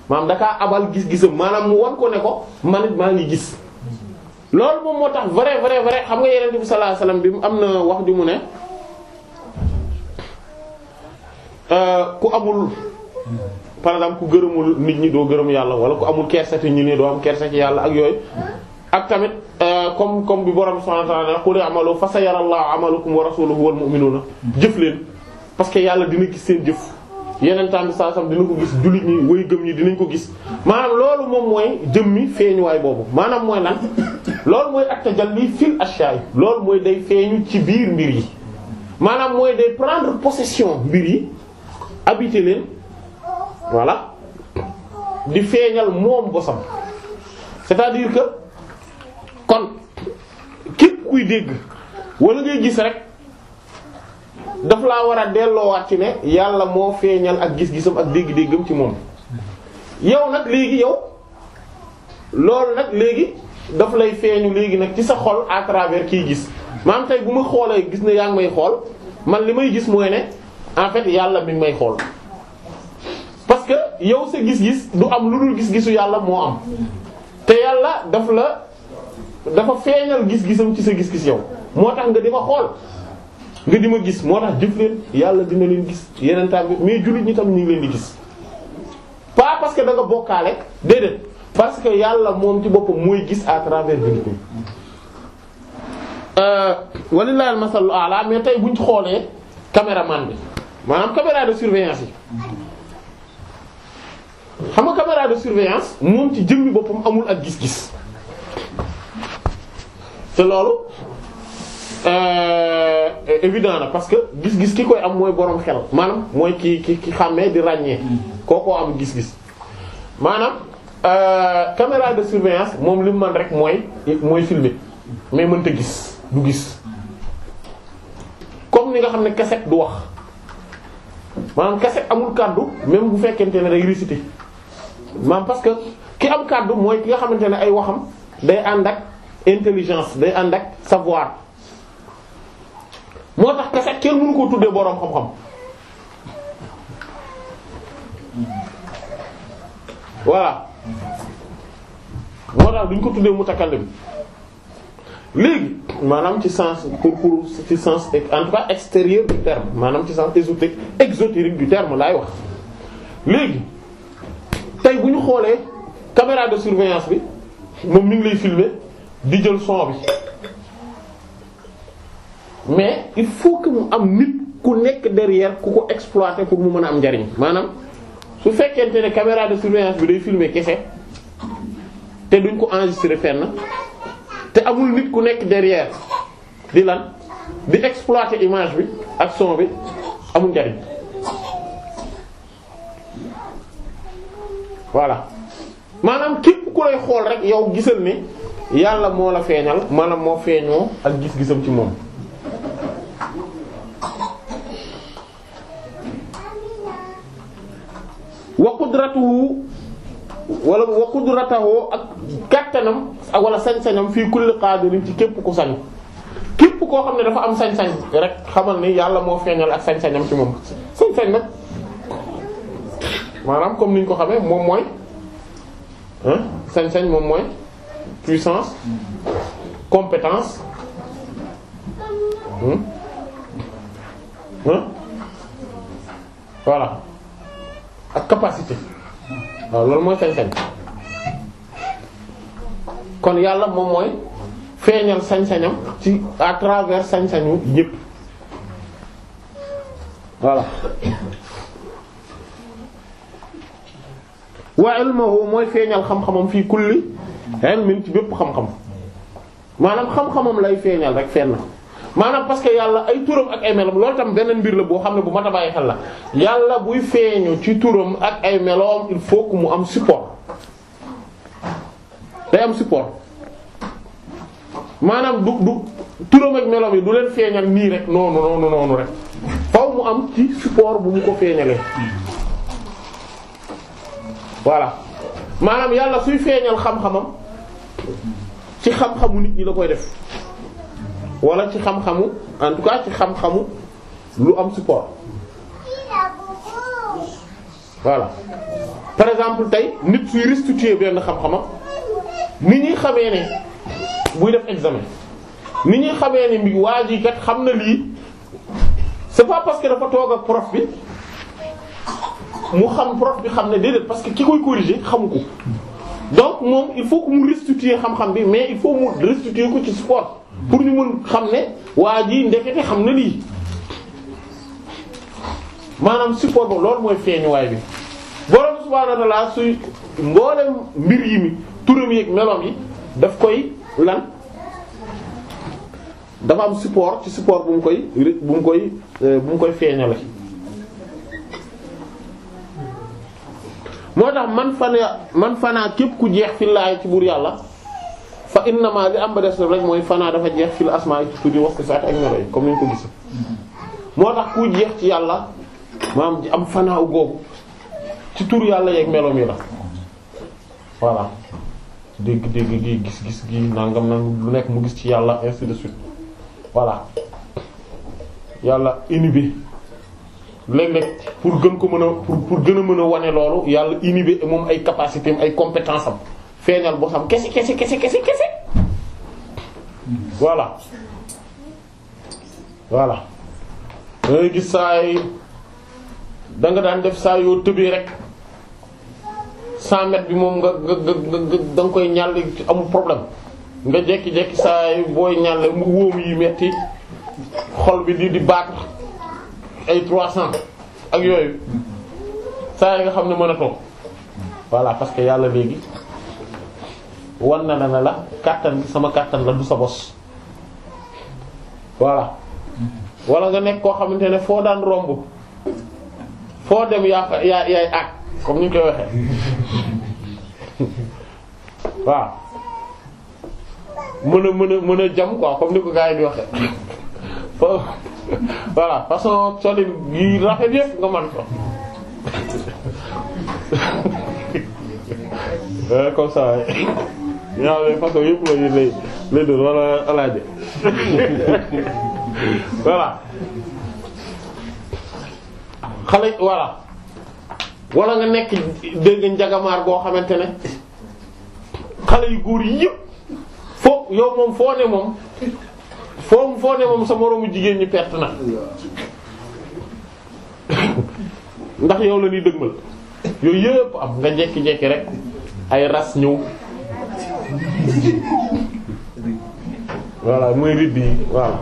maanaam dakaa abal gis-gisam maanaam mu wan ko ne ko man it maa ngi gis loolu moom moo tax vrai vrai vrai xam yeneen bi sallallahu alayhi wasallam bi am na wax ju mu ne euh, ku amul par exemple ku gërëmul nit ñi doo gërëm yàlla wala ku amul kersa ci nit ñi doo am yàlla ak yooyu ak tamit euh, comme comme bi borom subhanahu wa ta'ala qul i'malu fa sayarallahu 'amalakum wa rasuluhu wal mu'minuna jëf leen parce que yàlla dina gis seen jëf yeneen temps bi saasam ko gis jullit ñi way dinañ ko gis maanaam loolu moom mooy jëmmi feeñuwaay boobu maanaam mooy lan loolu mooy ak tajalli fil ashaay loolu mooy day feeñu ci biir mbir yi maanaam mooy day prendre possession mbir yi habiter leen voilà di feeñal moom bosam c'est-à-dire que kon képp kuy dégg wala ngay gis rek daf laa war a delloowaat ci ne yàlla moo feeñal ak gis-gisam ak dégg-déggam ci moom yow nag léegi yow loolu nag léegi daf lay feeñu léegi nag ci sa xol à travers kiy gis maanaam tey bu ma xoolee gis ne yaa ngi may xool man li may gis moo ne en fait yàlla mi ngi may xool parce que yow sa gis-gis du am lu dul gis-gisu yàlla moo am te yàlla daf la dafa feeñal gis-gisam ci sa gis-gis yow moo tax nga di ma xool nga di ma gis moo tax jëf leen yàlla dina leen gis yeneen temps mais jullit ñi tam ñu ngi leen di gis pas parce que da nga bokkaale déedéet. parce que yàlla moom ci boppam mooy gis à travers bindu euh, ko walillahi al-masalu a'la mais tey buñ xoolee caméraman bi maanaam caméra de surveillance yi xam nga caméra de surveillance moom ci jëmmi boppam amul ak gis-gis te loolu euh, évident na parce que gis-gis ki koy am mooy boroom xel maanaam mooy ki ki ki xàmmee di ràññee mm. kookoo am gis-gis maanaam. Euh, caméra de surveillance moom li man rek mooy mooy filmer mais te gis du gis comme ni nga xam ne cassette du wax maanaam cassette amul kàddu même bu fekkente ne rek réciter maanaam parce que ki am kàddu mooy ki nga xamante ne ay waxam day ànd ak intelligence day ànd ak savoir moo tax cassette kenn mënu ko tuddee boroom xam-xam voilà moo tax duñ ko tuddee mutakallim léegi maanaam ci sens pour pour ci sens en tout cas extérieur du terme maanaam ci sens ésotérique exotérique du terme laay wax léegi tey bu ñu xoolee caméra de surveillance bi moom mi ngi lay filmer di jël son bi mais il faut que mu am nit ku nekk derrière ku ko exploiter pour mu mën a am njariñ maanaam su fekkente ne caméra de surveillance bi day filmer kese. te duñ ko enregistrer fenn te amul nit ku nekk derrière di lan di exploiter image bi ak son bi amul njariñ voilà maanaam képp ku lay xool rek yow gisal ne yàlla moo la feeñal maanaam moo feeñoo ak gis-gisam ci moom wa qudratuhu wala wa qudratahu ak kàttanam ak wala sañ-sañam fii kulli qadirin ci képp ku sañ képp koo xam ne dafa am sañ-sañ rek xamal ni yàlla moo feeñal ak sañ-sañam ci moom sañ-sañ nag maanaam comme ni ko xamee moom mooy sañ-sañ moom mooy puissance compétence voilà ak capacité waaw loolu mooy sañ-sañ kon yàlla moom mooy feeñal sañ-sañam ci à travers sañ-sañu ñépp voilà wa ilmuhu mooy feeñal xam-xamam fii kulli ilmin ci bépp xam-xam maanaam xam-xamam lay feeñal rek fenn maanaam parce que yàlla ay turam ak ay meloom loolu tam beneen mbir la boo xam ne bu mat a bàyyi xel la yàlla buy feeñu ci turam ak ay meloom il faut que mu am support day am support maanaam du du turam ak meloom yi du leen feeñal nii rek noonu noonu noonu rek faw mu am ci support bu mu ko feeñalee voilà maanaam yàlla suy feeñal xam-xamam ci xam-xamu nit ñi la koy def wala ci xam-xamu en tout cas ci xam-xamu lu am support voilà par exemple tey nit suy restituer benn xam-xamam ni ñuy xamee ne buy def examen ni ñuy xamee ne mi waa ji kat xam na lii c'est pas parce que dafa toog ak prof bi mu xam prof bi xam ne déedéet parce que ki koy corriger xamu ko donc moom il faut que mu restituer xam-xam bi mais il faut mu restituer ko ci support pour ñu mën xam ne waa jii ndekete xam na lii maanaam support ba loolu mooy feeñuwaay bi borom subhaanahu wa ta'aala suy mboolem mbir yi mi turam yi ak meloom yi daf koy lan dafa am support ci support bu mu koy bu mu koy euh, bu mu koy feeñale moo tax man fanaa man fanaa képp ku jeex fi laay ci buur yàlla fa innama li am ba des rek mooy fanaa dafa jeex fil asmaa yi tuddi wax ko saat ak melo yi comme niñ ko gis moo tax ku jeex ci yàlla maanaam am fanaa u googu ci tur yàlla yee melo mi la voilà dégg dégg gi gis-gis gi nangam lu nekk mu gis ci yàlla ainsi de suite voilà yàlla inhibé léeg-léeg pour gën ko mën a pour pour gën a mën a wane loolu yàlla inhibé moom ay capacité ay compétence am feeñal boo xam kese kese kese kese kese voilà voilà dangay gis saa da nga daan def saa yoo tëbee rek cent mètres bi moom nga nga nga da nga koy ñàll amul problème nga jekki-jekki saay booy ñàll mu wóom yi metti xol bi di di baat ay trois cent ak yooyu saa yi nga xam ne mën a toog que yàlla léegi wan na na la kàttan gi sama kàttan la du sa bos voilà wala nga nekk koo xamante ne foo daan romb foo dem yaa ni koy waxee waaw mën a mën a mën a jam quoi comme ni ko gars yi di waxee foo voilà façon solin yi rafet yëpp nga man ko eh, comme ça ñaareel façon yëpp lay lay doon wala alaaje voilà xale voilà wala nga nekk dégg njagamaar goo xamante ne xale yu góor yi yëpp foo yow moom foo ne moom foo foo ne moom sa moroomu jigéen ñu perte na ndax yow la ñuy dëgmal yooyu yëpp am nga jekki-jekki rek ay ras ñëw voilà mooy ridd yi waaw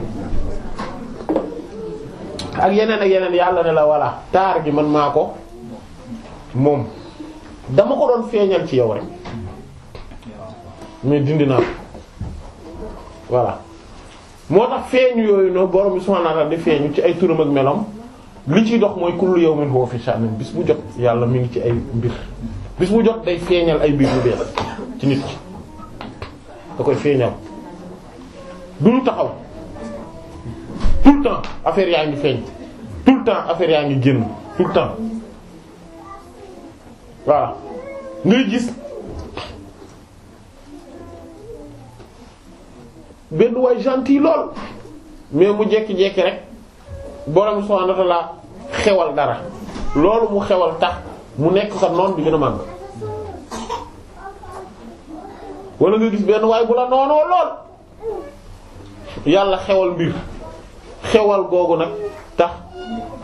ak yeneen ak yeneen yàlla ne la voilà taar gi man maa ko moom dama ko doon feeñal ci yow rek mais dindi naa voilà moo tax feeñu yooyu noonu borom bi subhanahu wa ta'ala di feeñu ci ay turam ak melam li ci dox mooy kullu yawmin huwa fi sha'n bis bu jot yàlla mu ngi ci ay mbir bis bu jot day feeñal ay mbir yu bees ci nit ki da koy feeñal duñu taxaw tout le temps affaire yaa ngi feeñ tout le temps affaire yaa ngi génn tout le temps voilà ngay gis benn waay gentil lool mais mu jekki-jekki rek borom subhanahu wa ta'ala xewal dara loolu mu xewal tax mu nekk sa noon bi gën a màgg wala nga gis benn waay bu la noonoo lool yàlla xewal mbir xewal googu nag tax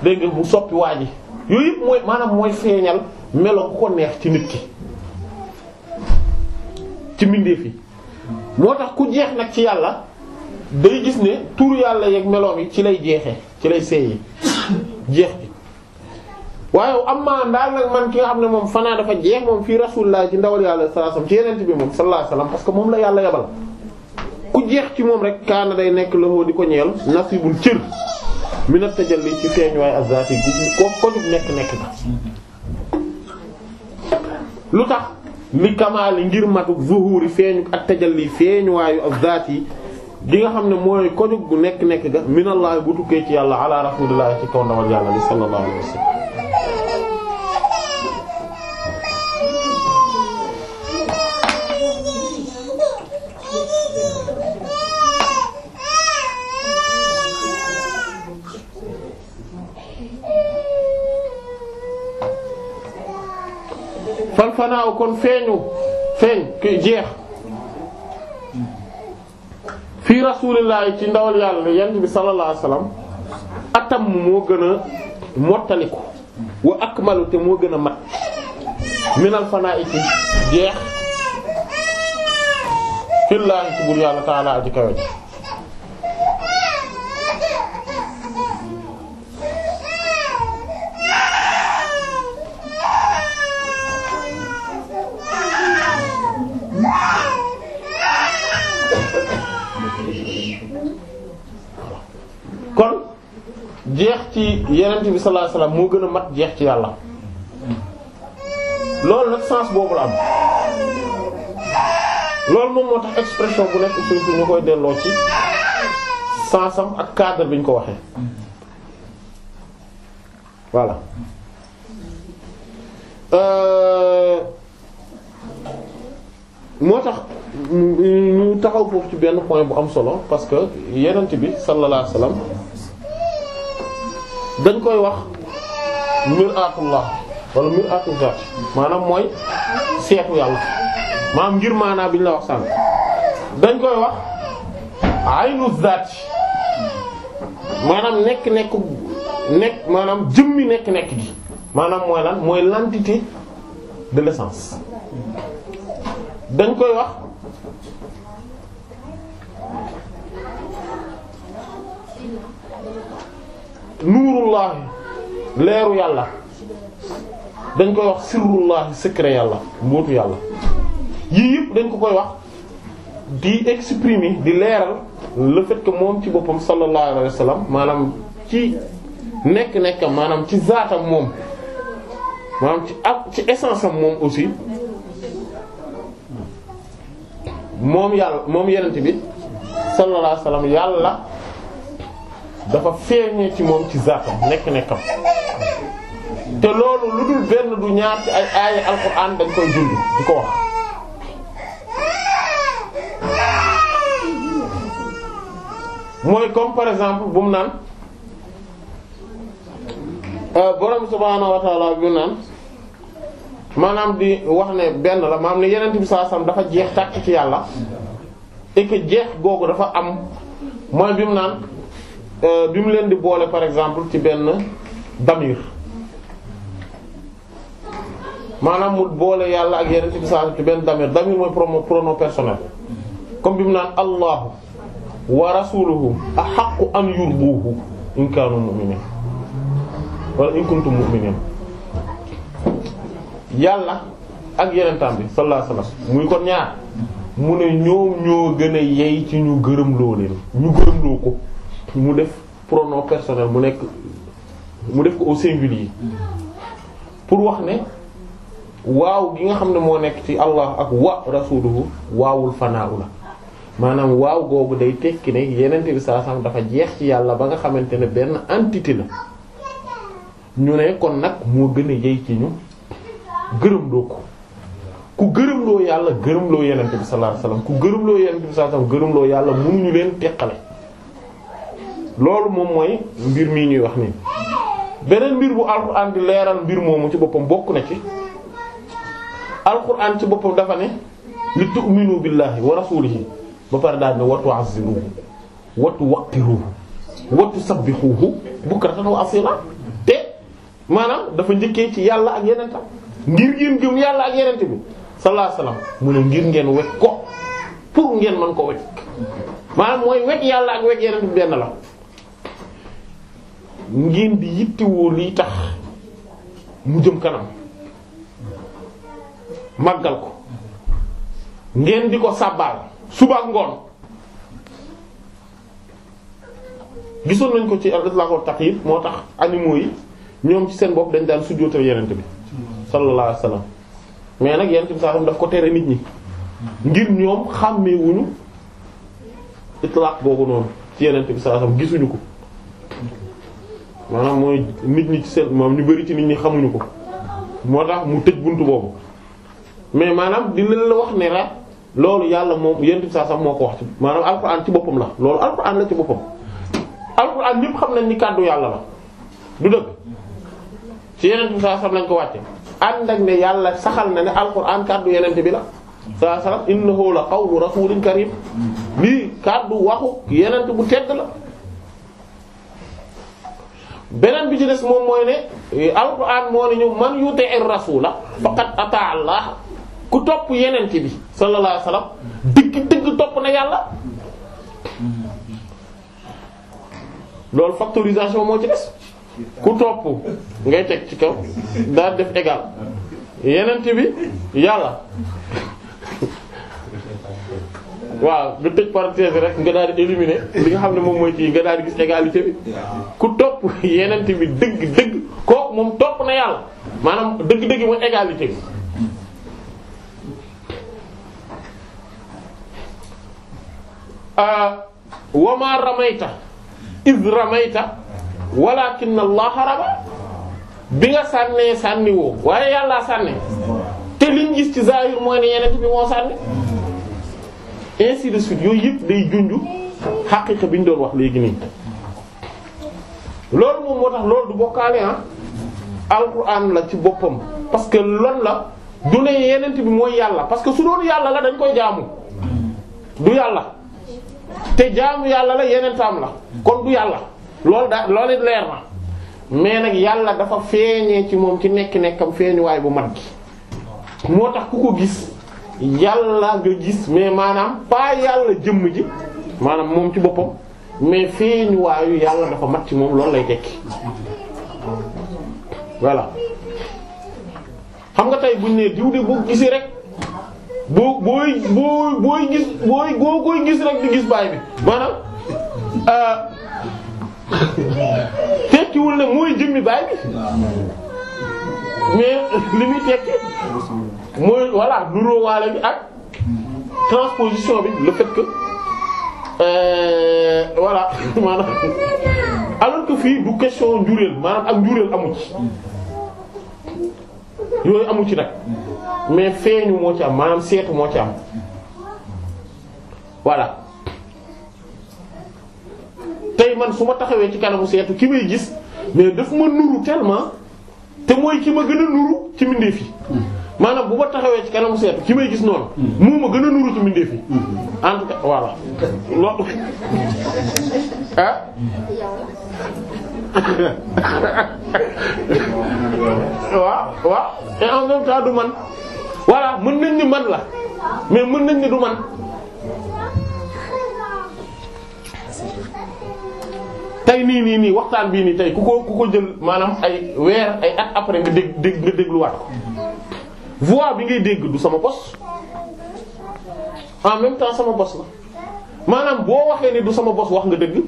dégg nga bu soppi waa ji yooyu yëpp mooy maanaam mooy feeñal melo ku ko neex ci nit ki ci mbindeef yi moo tax ku jeex nag ci yàlla day gis ne tur yàlla yeeg meloom yi ci lay jeexe ci lay seeyee jeex bi waaye amma daal nag man ki nga xam ne moom fanaa dafa jeex moom fii rasulullah ci ndawal yàlla sallallahu alayhi wasallam ci yeneen bi moom sallallahu alayhi wasallam parce moom la yàlla yabal ku jeex ci moom rek kaana day nekk loxo di ko ñeel nasibun cër minat tajalli ci feeñuwaay azati ko ko du nekk nekk ka tax li kamaali ngir matuk zuhuri feeñu ak tajalli feeñuwaayu azati gi nga xam ne mooy ko du nekk nekk ga minallahi bu tukkee ci yàlla ala rasulillahi ci kaw ndawal yàlla li sallallahu alayhi wasallam fal kon feeñu feeñ ki jeex fii rasuulillaahi ci ndawal yàlla yent bi sallallaahu alayhi wa atam moo gën a mottaliku wa akmalu te moo gën mat minal fanaa ci jeex fillaahi ci buur yàlla taalaa aji kawe jeex ci yenent bi sallallahu alayhi moo gën a mat jeex ci yàlla loolu nag sens boobu la am loolu moom moo tax expression bu nekk surtout koy delloo ci sensam ak cadre bi ñu ko waxee voilà euh, moo tax ñu taxaw foofu ci benn point bu am solo parce que yenent bi sallallahu alayhi wasallam dañ koy wax miraatullah wala miraatul maanaam mooy seetu yàlla maanaam ngir maanaam bi ñu la wax sànq dañ koy wax aynu zaat maanaam nekk nekk nekk maanaam jëmmi nekk nekk gi maanaam mooy lan mooy l'entité de l'essence dañ koy wax nuurullaahi leeru yàlla dañ koy wax sirrullaahi secret yàlla mbóotu yàlla yii yëpp dañ ko koy wax di exprimer di leeral le fait moom ci boppam sallallahu alayhi wa maanaam ci nekk-nekkam maanaam ci zaatam moom maanaam ci ak ci essence am moom aussi moom yàlla moom yenent bi sallallahu alayhi yàlla dafa feeñee ci moom ci zaatam nekk-nekkam te loolu lu dul benn du ñaar ci ay aaya alxuraan dañ koy julli di ko wax mooy comme par exemple bu mu naan euh, borom subhaanahu wa ta'ala bu mu naan maanaam di wax ne benn la maanaam ne yeneen bi saa sam dafa jeex tàkk ci yàlla et jeex googu dafa am mooy bi mu naan Euh, bi mu leen di boole par exemple ci benn damir maanaam mu boole yàlla ak yeneen ci saa ci benn damir damir mooy promo pronom personnel comme bi mu naan allahu wa rasuluhu ahaqqu an yurduhu in kaanu mu'minin wala in kuntum mu'minin yàlla ak yeneen tam bi sallallahu alayhi wasallam muy kon ñaar mu ne ñoom ñoo gën a yey ci ñu gërëm loo leen ñu gërëm loo ko mu def pronom personnel mu nekk mu def ko au singulier pour wax ne waaw gi nga xam ne moo nekk ci allah ak wa rasuluhu waawul fanaaw la maanaam waaw googu day tekki ne yeneen bi saa dafa jeex ci yàlla ba nga xamante ne benn entité la ñu ne kon nag moo gën a yey ci ñu gërëm doo ko ku gërëm yàlla gërëmloo loo yeneen bi sallallahu ku gërëm loo yeneen bi sallallahu alayhi wasallam gërëm loo yàlla leen teqale loolu moom mooy mbir mii ñuy wax nii beneen mbir bu alxuraan di leeral mbir moomu ci boppam bokk na ci alxuraan ci boppam dafa ne li tu'minu billahi wa rasulihi ba pare daal ne wa tu'azziruhu wa tuwaqqiruhu wa tusabbihuhu bukratan wa asila te maanaam dafa njëkkee ci yàlla ak yeneen tam ngir ngeen gëm yàlla ak yeneen bi sallallahu mu ne ngir ngeen wekk ko pour ngeen mën ko wekk maanaam mooy wekk yàlla ak wekk yeneen benn la. ngeen di yittewoo liy tax mu jëm kanam màggal ko ngeen di ko sàbbaal suba ak ngoon gisoon nañ ko ci al-itlaqu taqyid moo tax animaux yi ñoom ci seen bopp dañ daan sujjóotal yenent bi sallallahu alayhi wasallam mais nag yenent bi sallallahu daf ko tere nit ñi ngir ñoom xàmmewuñu wuñu boobu noonu ci yenent bi sallallahu gisuñu ko maanaam mooy nit ñi ci seen moom ñu bëri ci nit ñi xamuñu ko moo tax mu tëj bunt boobu mais maanaam di leen wax ne la loolu yàlla moom yentim saa sax moo ko wax ci maanaam alxuraan ci boppam la loolu alxuraan la ci boppam alxuraan ñépp xam nañ ni kàddu yàlla la du dëgg ci yenentu saa sax lañ ko wàcce ànd ak ne yàlla saxal na ne alxuraan kàddu yenente bi la saa sax innahu la qawlu rasuulin karim lii kàddu waxu yenent bu tedd la beneen bi ci des moom mooy ne eh, alquran moo ne ñu man yuti'ir rasula faqad ata allah ku topp yeneen ci bi sallallahu alayhi wasallam digg digg topp na yàlla loolu factorisation moo ci des ku topp ngay teg ci kaw daal def égal yeneen bi yàlla waaw nga tëj parenthèse rek nga daal di éliminer li nga xam ne moom mooy ci nga daal di gis égalité bi ku topp yeneen bi dëgg dëgg kooku moom topp na yàlla maanaam dëgg-dëgg moo égalité bi euh, wama ramayta iz ramayta walakinna allaha rama bi nga sànnee sànni woo waaye yàllaa sànne te liñ gis ci zahir mooy ne yeneen bi moo sànni ainsi de suite yooyu yëpp day junj xaqiiqa bi ñu doon wax léegi nii loolu moom moo tax loolu du bokkaale ah alxuraan la ci boppam parce que loolu la du ne yenent bi mooy yàlla parce que su doon yàlla la dañ koy jaamu du yàlla te jaamu yàlla la yenentaam la kon du yàlla loolu da loolu leer na mais nag yàlla dafa feeñee ci moom ci nekk nekkam feeñuwaay bu mat gi moo tax ku ko gis yàlla nga gis mais maanaam pas yàlla jëmm ji maanaam moom ci boppam mais feeñ waayu yàlla dafa mat ci moom loolu lay tekki voilà xam nga tey buñ ne diw de boo gisee rek boo booy boo booy gis booy boo koy gis rek di gis baay bi maanaam euh, tekkiwul ne mooy jëmmi baay bi mais li muy tekki mooy voilà nuroo waale bi ak transposition bi le fait que euh, maanaam alors que fii du question njuréel maanaam ak njuréel amu ci yooyu amu ci nag mais feeñu moo ci am maanaam seetu moo ci am voilà tey man su ma taxawee ci kanamu seetu ki may gis mais daf ma nuru tellement te mooy ki ma gën a nuru ci mbindeef yi maanaam bu ma taxawee ci kanamu seetu ki may gis noonu. Hmm. moo ma gën a nuru ci mbindeef yi. Hmm. en tout voilà ah? waaw waaw et en même temps du man voilà mën nañ ni man la mais mën nañ ni du man. tey nii nii nii waxtaan bii nii tey ku ko ku ko jël maanaam ay weer ay at après nga dég nga dégluwaat ko. voix bi ngay dégg du sama bos en même temps sama bos la maanaam boo waxee ne du sama bos wax nga dëgg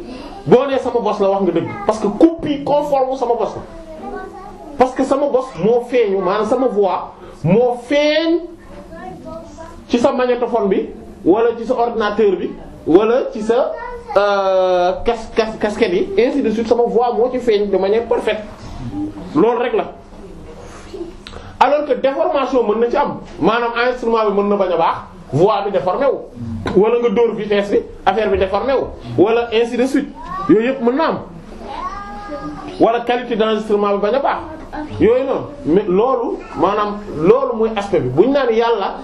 boo nee sama bos la wax nga dëgg parce que copie conforme sama bos la parce que sama bos moo feeñu maanaam sama voix moo feeñ ci sa magnétophone bi wala ci sa ordinateur bi wala ci sa euh, cas cas casquette yi ainsi de suite sama voix moo ci feeñ de manière parfaite loolu rek la alors que déformation mën na ci am maanaam instrument bi mën na bañ a baax voix bi déformé wu wala nga dóor vitesse bi affaire bi déformé wu wala ainsi de yooyu yëpp mën na am wala qualité d'enregistrement bi bañ a baax yooyu noonu loolu maanaam loolu muy aspect bi bu ñu naan yàlla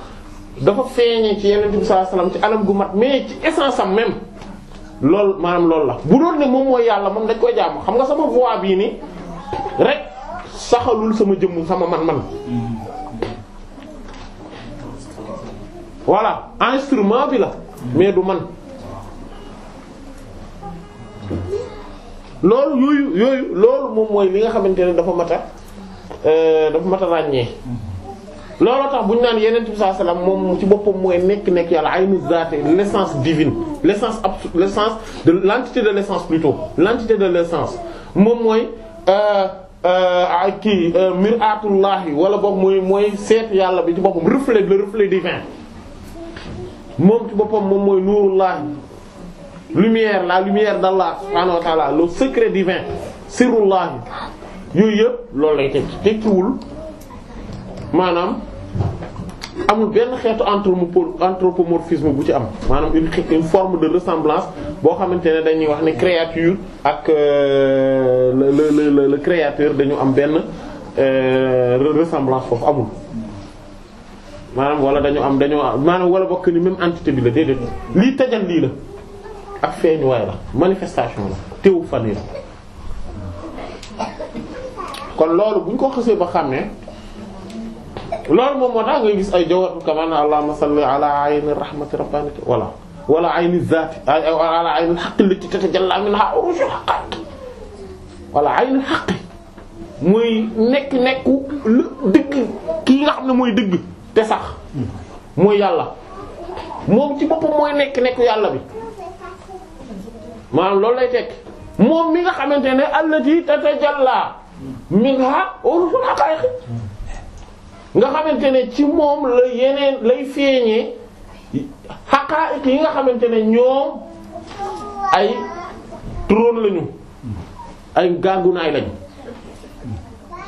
dafa feeñee ci yeneen bi sallallahu alayhi ci anam gu mat mais ci essence am même loolu maanaam loolu la bu doon ne moom mooy yàlla moom dañ koy jàmm xam nga sama voix bii nii rek. saxalul sama jëmm sama man-man voilà instrument bi la mais du man loolu yooyu yooyu loolu moom mooy li nga xamante ne dafa mata euh, dafa mata ràññee looloo tax bu ñu naan yeneen bi sallallahu alayhi moom ci boppam mooy nekk nekk yàlla aynu zaat l'essence divine l'essence absolue l'essence de l'entité de l'essence plutôt l'entité de l'essence moom mooy. Euh, Euh, kii euh, mir'atullahi wala boog mooy mooy seet yàlla bi ci boppam reflet le reflet divin moom ci boppam moom mooy nurullahi lumière la lumière d'Allah subhanahu wa ta'ala secret divin sirullahi yooyu yëpp loolu lay tekki tekkiwul maanaam amul benn xeetu anthropomorphisme bu ci am maanaam une une forme de ressemblance boo xamante ne dañuy wax ne créature ak euh, le le le créateur dañu am benn euh, ressemblance foofu amul. maanaam wala dañu am dañoo maanaam wala bokk ni même entité bi la déedéet lii tajal lii la ak feeñuwaay la manifestation la teewu fan la kon loolu bu ñu ko xasee ba xam loolu moom moo tax ngay gis ay jawharatul kamal allahumma salli ala ayni rahmati rabbanika wala wala ayni zaati ala ayni xaqi lati tatajalla minha urushu xaqaat wala xaqi mooy nekk nekku dëgg kii nga xam ne mooy dëgg te sax mooy yàlla moom ci boppam mooy nekk nekku yàlla bi maanaam loolu lay tekk moom mi nga xamante ne allati tatajalla minha urushu xaqaat nga xamante ne ci moom la yeneen lay feeñee xaqaa'iq yi nga xamante ne ñoom ay trône lañu ay gàngunaay lañu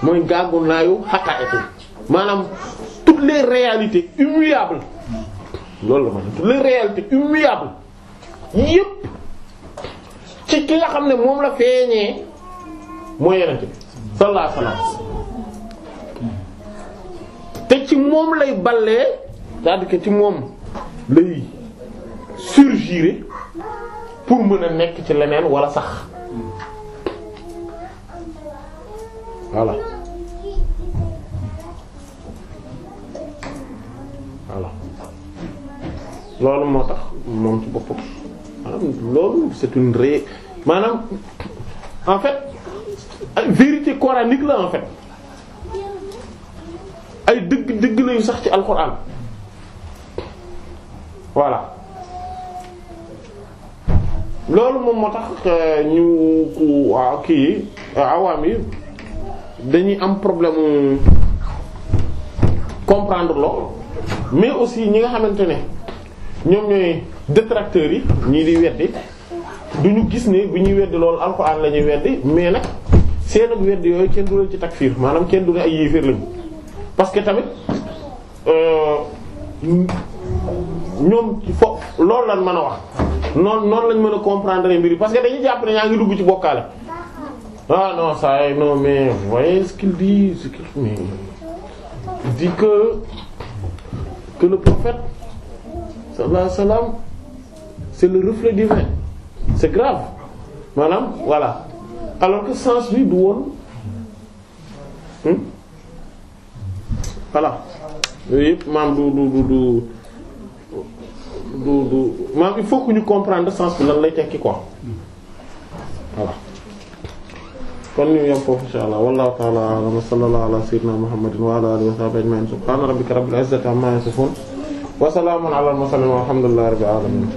mooy gàngunaayu xaqaa'iq maanaam toutes les réalités immuables loolu la maanaam toutes les réalités immuables yépp ci ki nga xam ne moom la feeñee mooy yeneen bi sallallahu alayhi te ci moom lay ballee c'est-à-dire que ci moom lay surgir pour mën a nekk ci leneen wala sax voilà voilà loolu moo tax moom ci boppam maanaam loolu c'est une ré maanaam en fait vérité coranique la en fait ay dëgg dëgg la sax ci alxuraan voilà loolu moom moo tax euh, ñu ku waaw ah, kii euh, awaam yi dañuy am problème comprendre loolu mais aussi ñi nga xamante ne ñoom ñooy détracteurs yi ñii di weddi du ñu gis ne bu ñuy weddi loolu alxuraan la ñuy weddi mais nag seen ak weddi yooyu kenn du leen ci fiir maanaam kenn du ne ay yéeféer lañu parce que tamit euh, ñoom fo loolu lan mën a wax noonu noonu lañ mën a comprendre mbir parce que dañuy jàpp ne ñaa ngi dugg ci bokkaale ah non ça non mais voyez ce qu'il dit ce qu'il mais il que que le prophète sallallahu alayhi wasallam c'est le reflet divin c'est grave maanaam voilà alors que sens bi du woon. Hmm? voilà yooyu yëpp maam du du du du du du maam il faut que ñu comprendre sens bi lan lay tekki quoi voilà kon ñu yem foofu insha allah wallahu ta'ala a'lam wa sallallahu ala sayyidina muhammadin wa ala alihi wa sahbihi ajma'in subhana rabbika rabbil izzati amma yasifun alamin